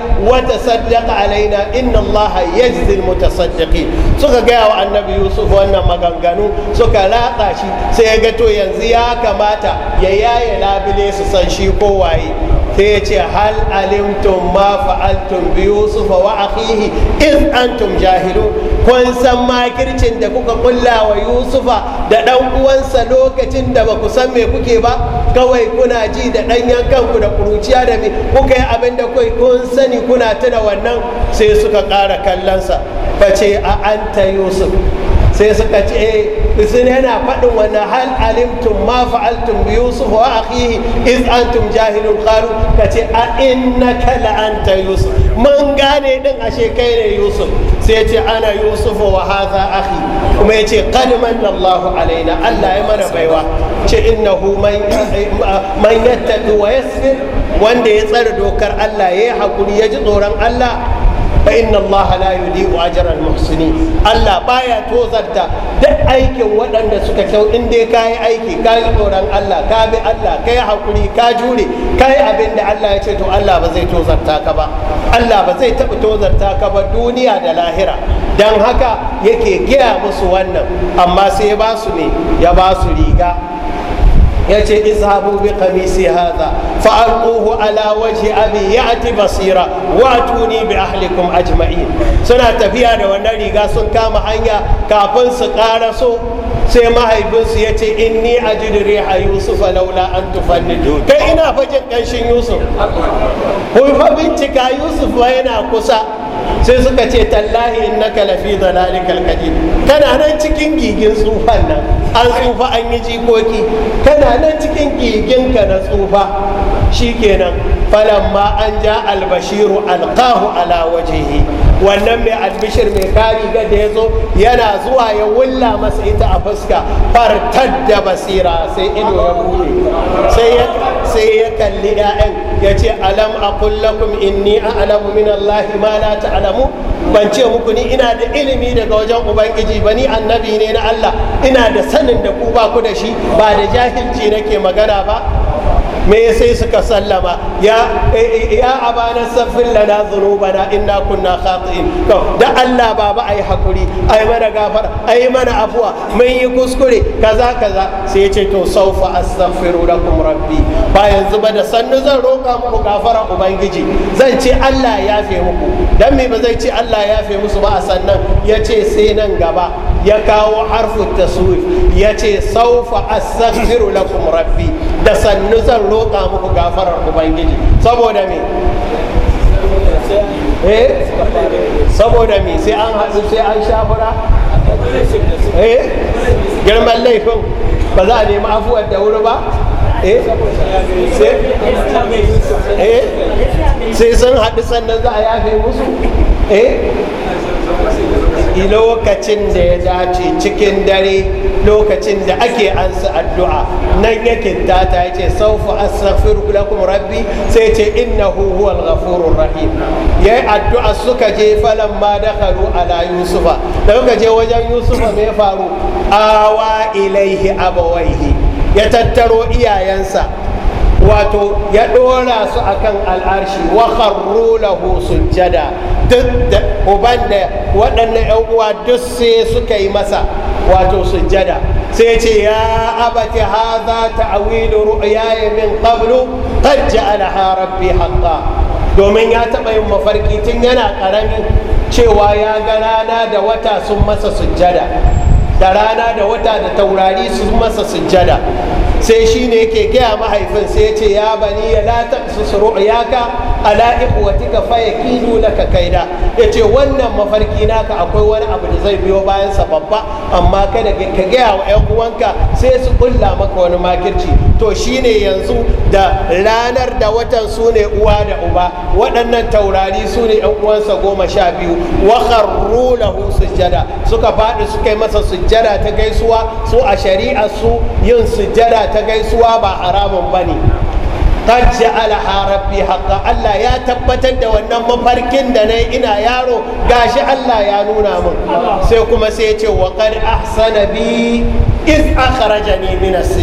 alaina inna Allah yajzi almutasaddiqin suka gaya wa annabi Yusuf wannan maganganu suka latsa shi sai ya to yanzu ya kamata ya yaye labule su san shi kowaye sai ya ce hal alimtum ma fa'altum bi yusufa wa akhihi in antum jahilu kun san makircin da kuka kulla wa yusufa da dan uwansa lokacin da ba ku san me kuke ba kawai kuna ji da dan ku da kuruciya da me kuka yi abin da kai kun sani kuna tuna wannan sai suka kara kallonsa fa ce a anta yusuf sai suka ce eh, sun yana faɗin wannan hal alimtum ma fa'altum bi yusuf wa akhihi iz antum jahilun qalu kace a innaka la anta yusuf man gane din ashe kai ne yusuf sai ce ana yusuf wa hadha akhi kuma yace qad manna Allahu alaina Allah ya mana baiwa ce innahu man man yattaqi wa wanda ya tsare dokar Allah yayi hakuri ya ji tsoron Allah fa inna allaha la yudi'u ajral muhsini Allah baya tozarta duk aikin waɗanda suka kyau in dai kayi aiki kayi tsoron Allah ka bi Allah kai hakuri ka jure kai abin da Allah ya ce to Allah ba zai tozarta ka ba Allah ba zai taɓa tozarta ka ba duniya da lahira dan haka yake gaya musu wannan amma sai ya ba su ne ya ba su riga ya ce izhabu bi qamisi hadha fa alquhu ala wajhi abi ya'ti basira wa bi ahlikum ajma'in suna tafiya da wannan riga sun kama hanya kafin su karaso sai mahaifinsu ya ce inni ajidu a yusufa laula an tufannidu kai ina fajin kanshin yusuf kun fa bincika yusuf yana kusa sai suka ce tallahi innaka lafi dalalikal qadim kana nan cikin gigin tsufan nan an tsufa an yi jikoki kana nan cikin gigin ka na tsufa Shi shikenan falamma an ja albashiru alqahu ala wajhihi wannan mai albishir mai kari ga da ya zo yana zuwa ya wulla masa ita a fuska fartar da basira sai ido ya bude sai ya kalli 'ya'yan ya ce alam in ni a a'lamu min allahi ma la ta'lamu ban ce muku ni ina da ilimi daga wajen ubangiji ba ni annabi ne na allah ina da sanin da ku ba ku da shi ba da jahilci nake magana ba me sai suka sallama ya eh, eh, ya abana safin lana in inna kunna khati'in to da Allah baba ai hakuri ai mana gafara ai mana abuwa mun yi kuskure kaza kaza sai ya ce to saufa astaghfiru lakum rabbi ba yanzu ba da sannu zan roƙa muku gafara ubangiji zan ce Allah ya yafe muku dan me ba zai ce Allah ya yafe musu ba a sannan ya ce sai nan gaba ya kawo harfu taswif ya ce saufa astaghfiru lakum rabbi da sannu zan roƙa muku gafarar ubangiji saboda me eh saboda me sai an haɗu sai an shafura eh girman laifin ba za a nemi afuwar da wuri ba eh? eh sai sun haɗu sannan za a yafe musu eh lokacin da ya dace cikin dare lokacin da ake ansa addu'a nan yake ta ta ce saufa astaghfiru lakum rabbi sai ce innahu huwal ghafurur rahim yayi addu'a suka je falan ma dakhalu ala yusufa da suka je wajen yusufa me ya faru awa ilaihi abawaihi ya tattaro iyayensa wato ya dora su akan al'arshi wa kharru lahu sujjada duk da uban da waɗannan 'yan uwa duk sai suka yi masa wato sujjada sai ce ya abati hadha ta'wilu ru'yaya min qablu qad ja'alaha rabbi haqqan domin ya taba yin mafarki tun yana karami cewa ya ga rana da wata sun masa sujjada da rana da wata da taurari sun masa sujjada sai shi ne ke gaya mahaifin sai ya ce ya bani ya la taqsus ru'yaka ala ikhwatika fa yakidu laka kaida yace wannan mafarki naka akwai wani abu da zai biyo bayan sa babba amma kada ka gaya wa ƴan uwanka sai su kulla maka wani makirci to shine yanzu da ranar da watan su uwa da uba waɗannan taurari sune ne yan uwansa goma sha biyu wa kharru lahu sujjada suka faɗi suka yi masa sujada ta gaisuwa su a shari'a su yin sujada ta gaisuwa ba haramun bane qad ja'alaha rabbi haqqan Allah ya tabbatar da wannan mafarkin da nayi ina yaro gashi Allah ya nuna min sai kuma sai ya ce wa qad ahsana bi iz akhrajani min as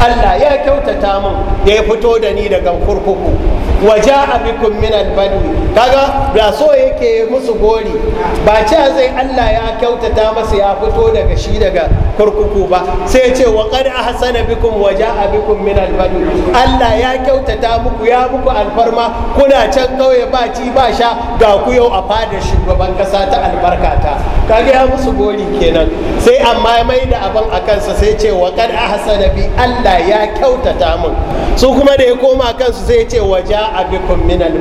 Allah ya kyautata min ya fito da ni daga kurkuku wa ja'a bikum min al-badwi kaga da so yake musu gori ba ce zai Allah ya kyautata masa ya fito daga shi daga kurkuku ba sai ce wa qad ahsana bikum wa jaa bikum min al Allah ya kyautata muku ya muku alfarma kuna can kauye ba ci ba sha ga ku yau a fadar shugaban kasa ta albarkata kage ya musu gori kenan sai amma mai da abin a kansa sai ce wa qad ahsana bi Allah ya kyautata mun su kuma da ya koma kansu sai ce waje jaa bikum min al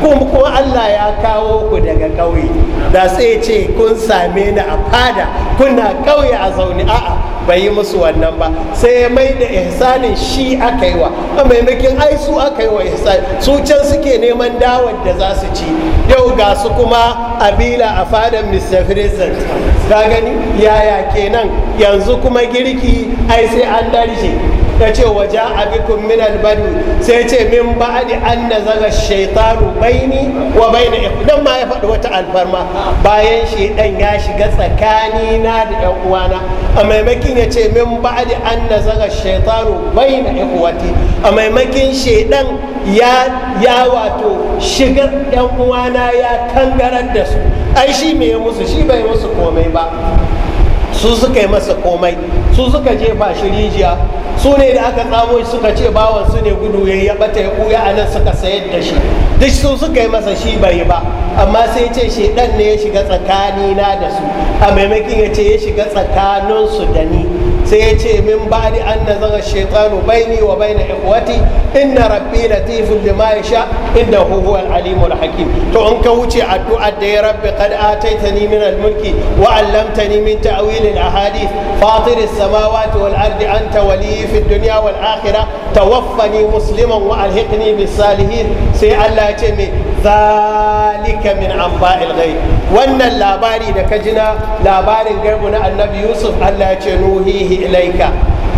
kuma kuma Allah ya kawo ku daga kauye da sai ce kun same ni a fada kuna kauye a zaune wani a'a bai yi musu wannan ba sai ya mai da ihsanin shi aka yi wa a maimakin ai su aka yi wa ihsani su can suke neman dawar da za su ci yau ga su kuma abila a fadan mr president ka gani yaya kenan yanzu kuma girki ai sai an darje. ya ce wa a bikum min albadu sai ce min ba'di an nazaga shaytanu baini wa baina don ma ya faɗi wata alfarma bayan dan ya shiga tsakani na da yan uwana a maimakin ya ce min ba'di an bai shaytanu baina ikhwati a maimakin shaidan ya ya wato shigar yan uwana ya kangarar da su ai shi me musu shi bai musu komai ba su suka yi masa komai su suka jefa shi rijiya su ne da aka tsamo suka ce bawan su ne gudu ya ya bata ya kuya a nan suka sayar da shi duk su suka yi masa shi bai ba amma sai ce shi dan ne ya shiga tsakanina da su a maimakon ya ce ya shiga tsakaninsu da ni سيأتي من بعد أن نزغ الشيطان بيني وبين إخوتي إن ربي لطيف لما يشاء إنه هو العليم الحكيم تنكوتي أدعو أدي ربي قد آتيتني من الملك وعلمتني من تأويل الأحاديث فاطر السماوات والأرض أنت ولي في الدنيا والآخرة توفني مسلما وألهقني بالصالحين سيألا تمي ذلك من أنباء الغيب wannan labari da ka ji na labarin garbu na annabi yusuf allah ya ce nuhihi ilaika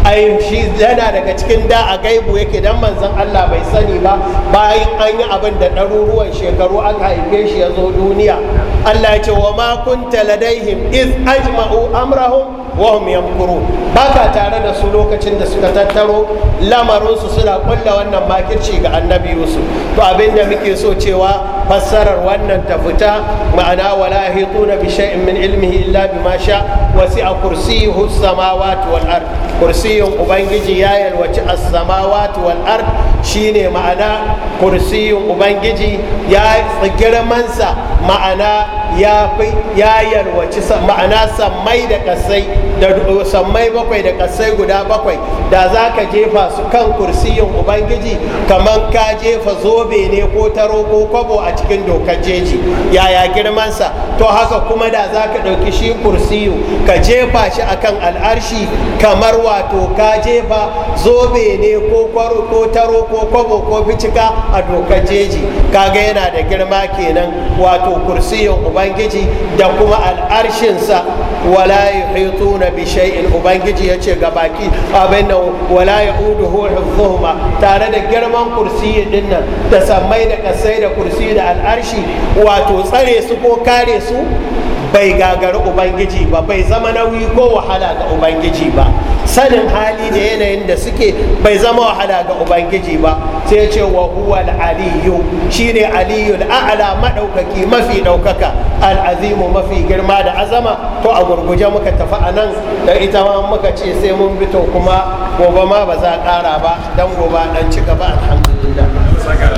ai shi yana daga cikin da a gaibu yake dan manzon Allah bai sani ba bayan an yi abin da ɗaruruwan shekaru aka haife shi ya zo duniya Allah ya ce wa ma ladaihim iz ajma'u amrahum wa hum yamkuru ka tare da su lokacin da suka tattaro lamarinsu suna kulla wannan makirci ga annabi Yusuf to abin da muke so cewa fassarar wannan ta fita ma'ana wala yahituna bi shay'in min ilmihi illa bima sha wasi'a kursiyuhu samawati wal ard kursiyun ubangiji ya yalwaci as-samawati wal ard shine ma'ana kursiyun ubangiji ya girmansa ma'ana ya yalwaci ma'ana sammai da kasai da sammai bakwai da kasai guda bakwai da za ka jefa su kan kursiyin ubangiji kaman ka jefa zobe ne ko taro ko kwabo a cikin dokar jeji yaya girmansa to haka kuma da za ka ɗauki shi kursiyu ka jefa shi akan al'arshi kamar wato ka jefa zobe ne ko kwaro ko taro ko kwabo ko ficika a dokar jeji kaga yana da girma kenan wato kursiyun ubangiji da kuma al'arshinsa wala yuhituna bi shay'in ubangiji yace ga baki abin nan wala yuduhu hifdhuhuma tare da girman kursiyin dinnan da sammai da kasai da kursiyi da al'arshi wato tsare su ko kare su bai gagari ubangiji ba bai zama nauyi ko wahala ga ubangiji ba sanin hali da yanayin da suke bai zama wahala ga ubangiji ba sai ce wa huwa aliyu shine aliyu da aala madaukaki mafi daukaka al'azimu mafi girma da azama to a gurguje muka tafi a nan da ita ma muka ce sai mun bi to kuma gobe ma ba za kara ba dan gobe dan ci gaba alhamdulillah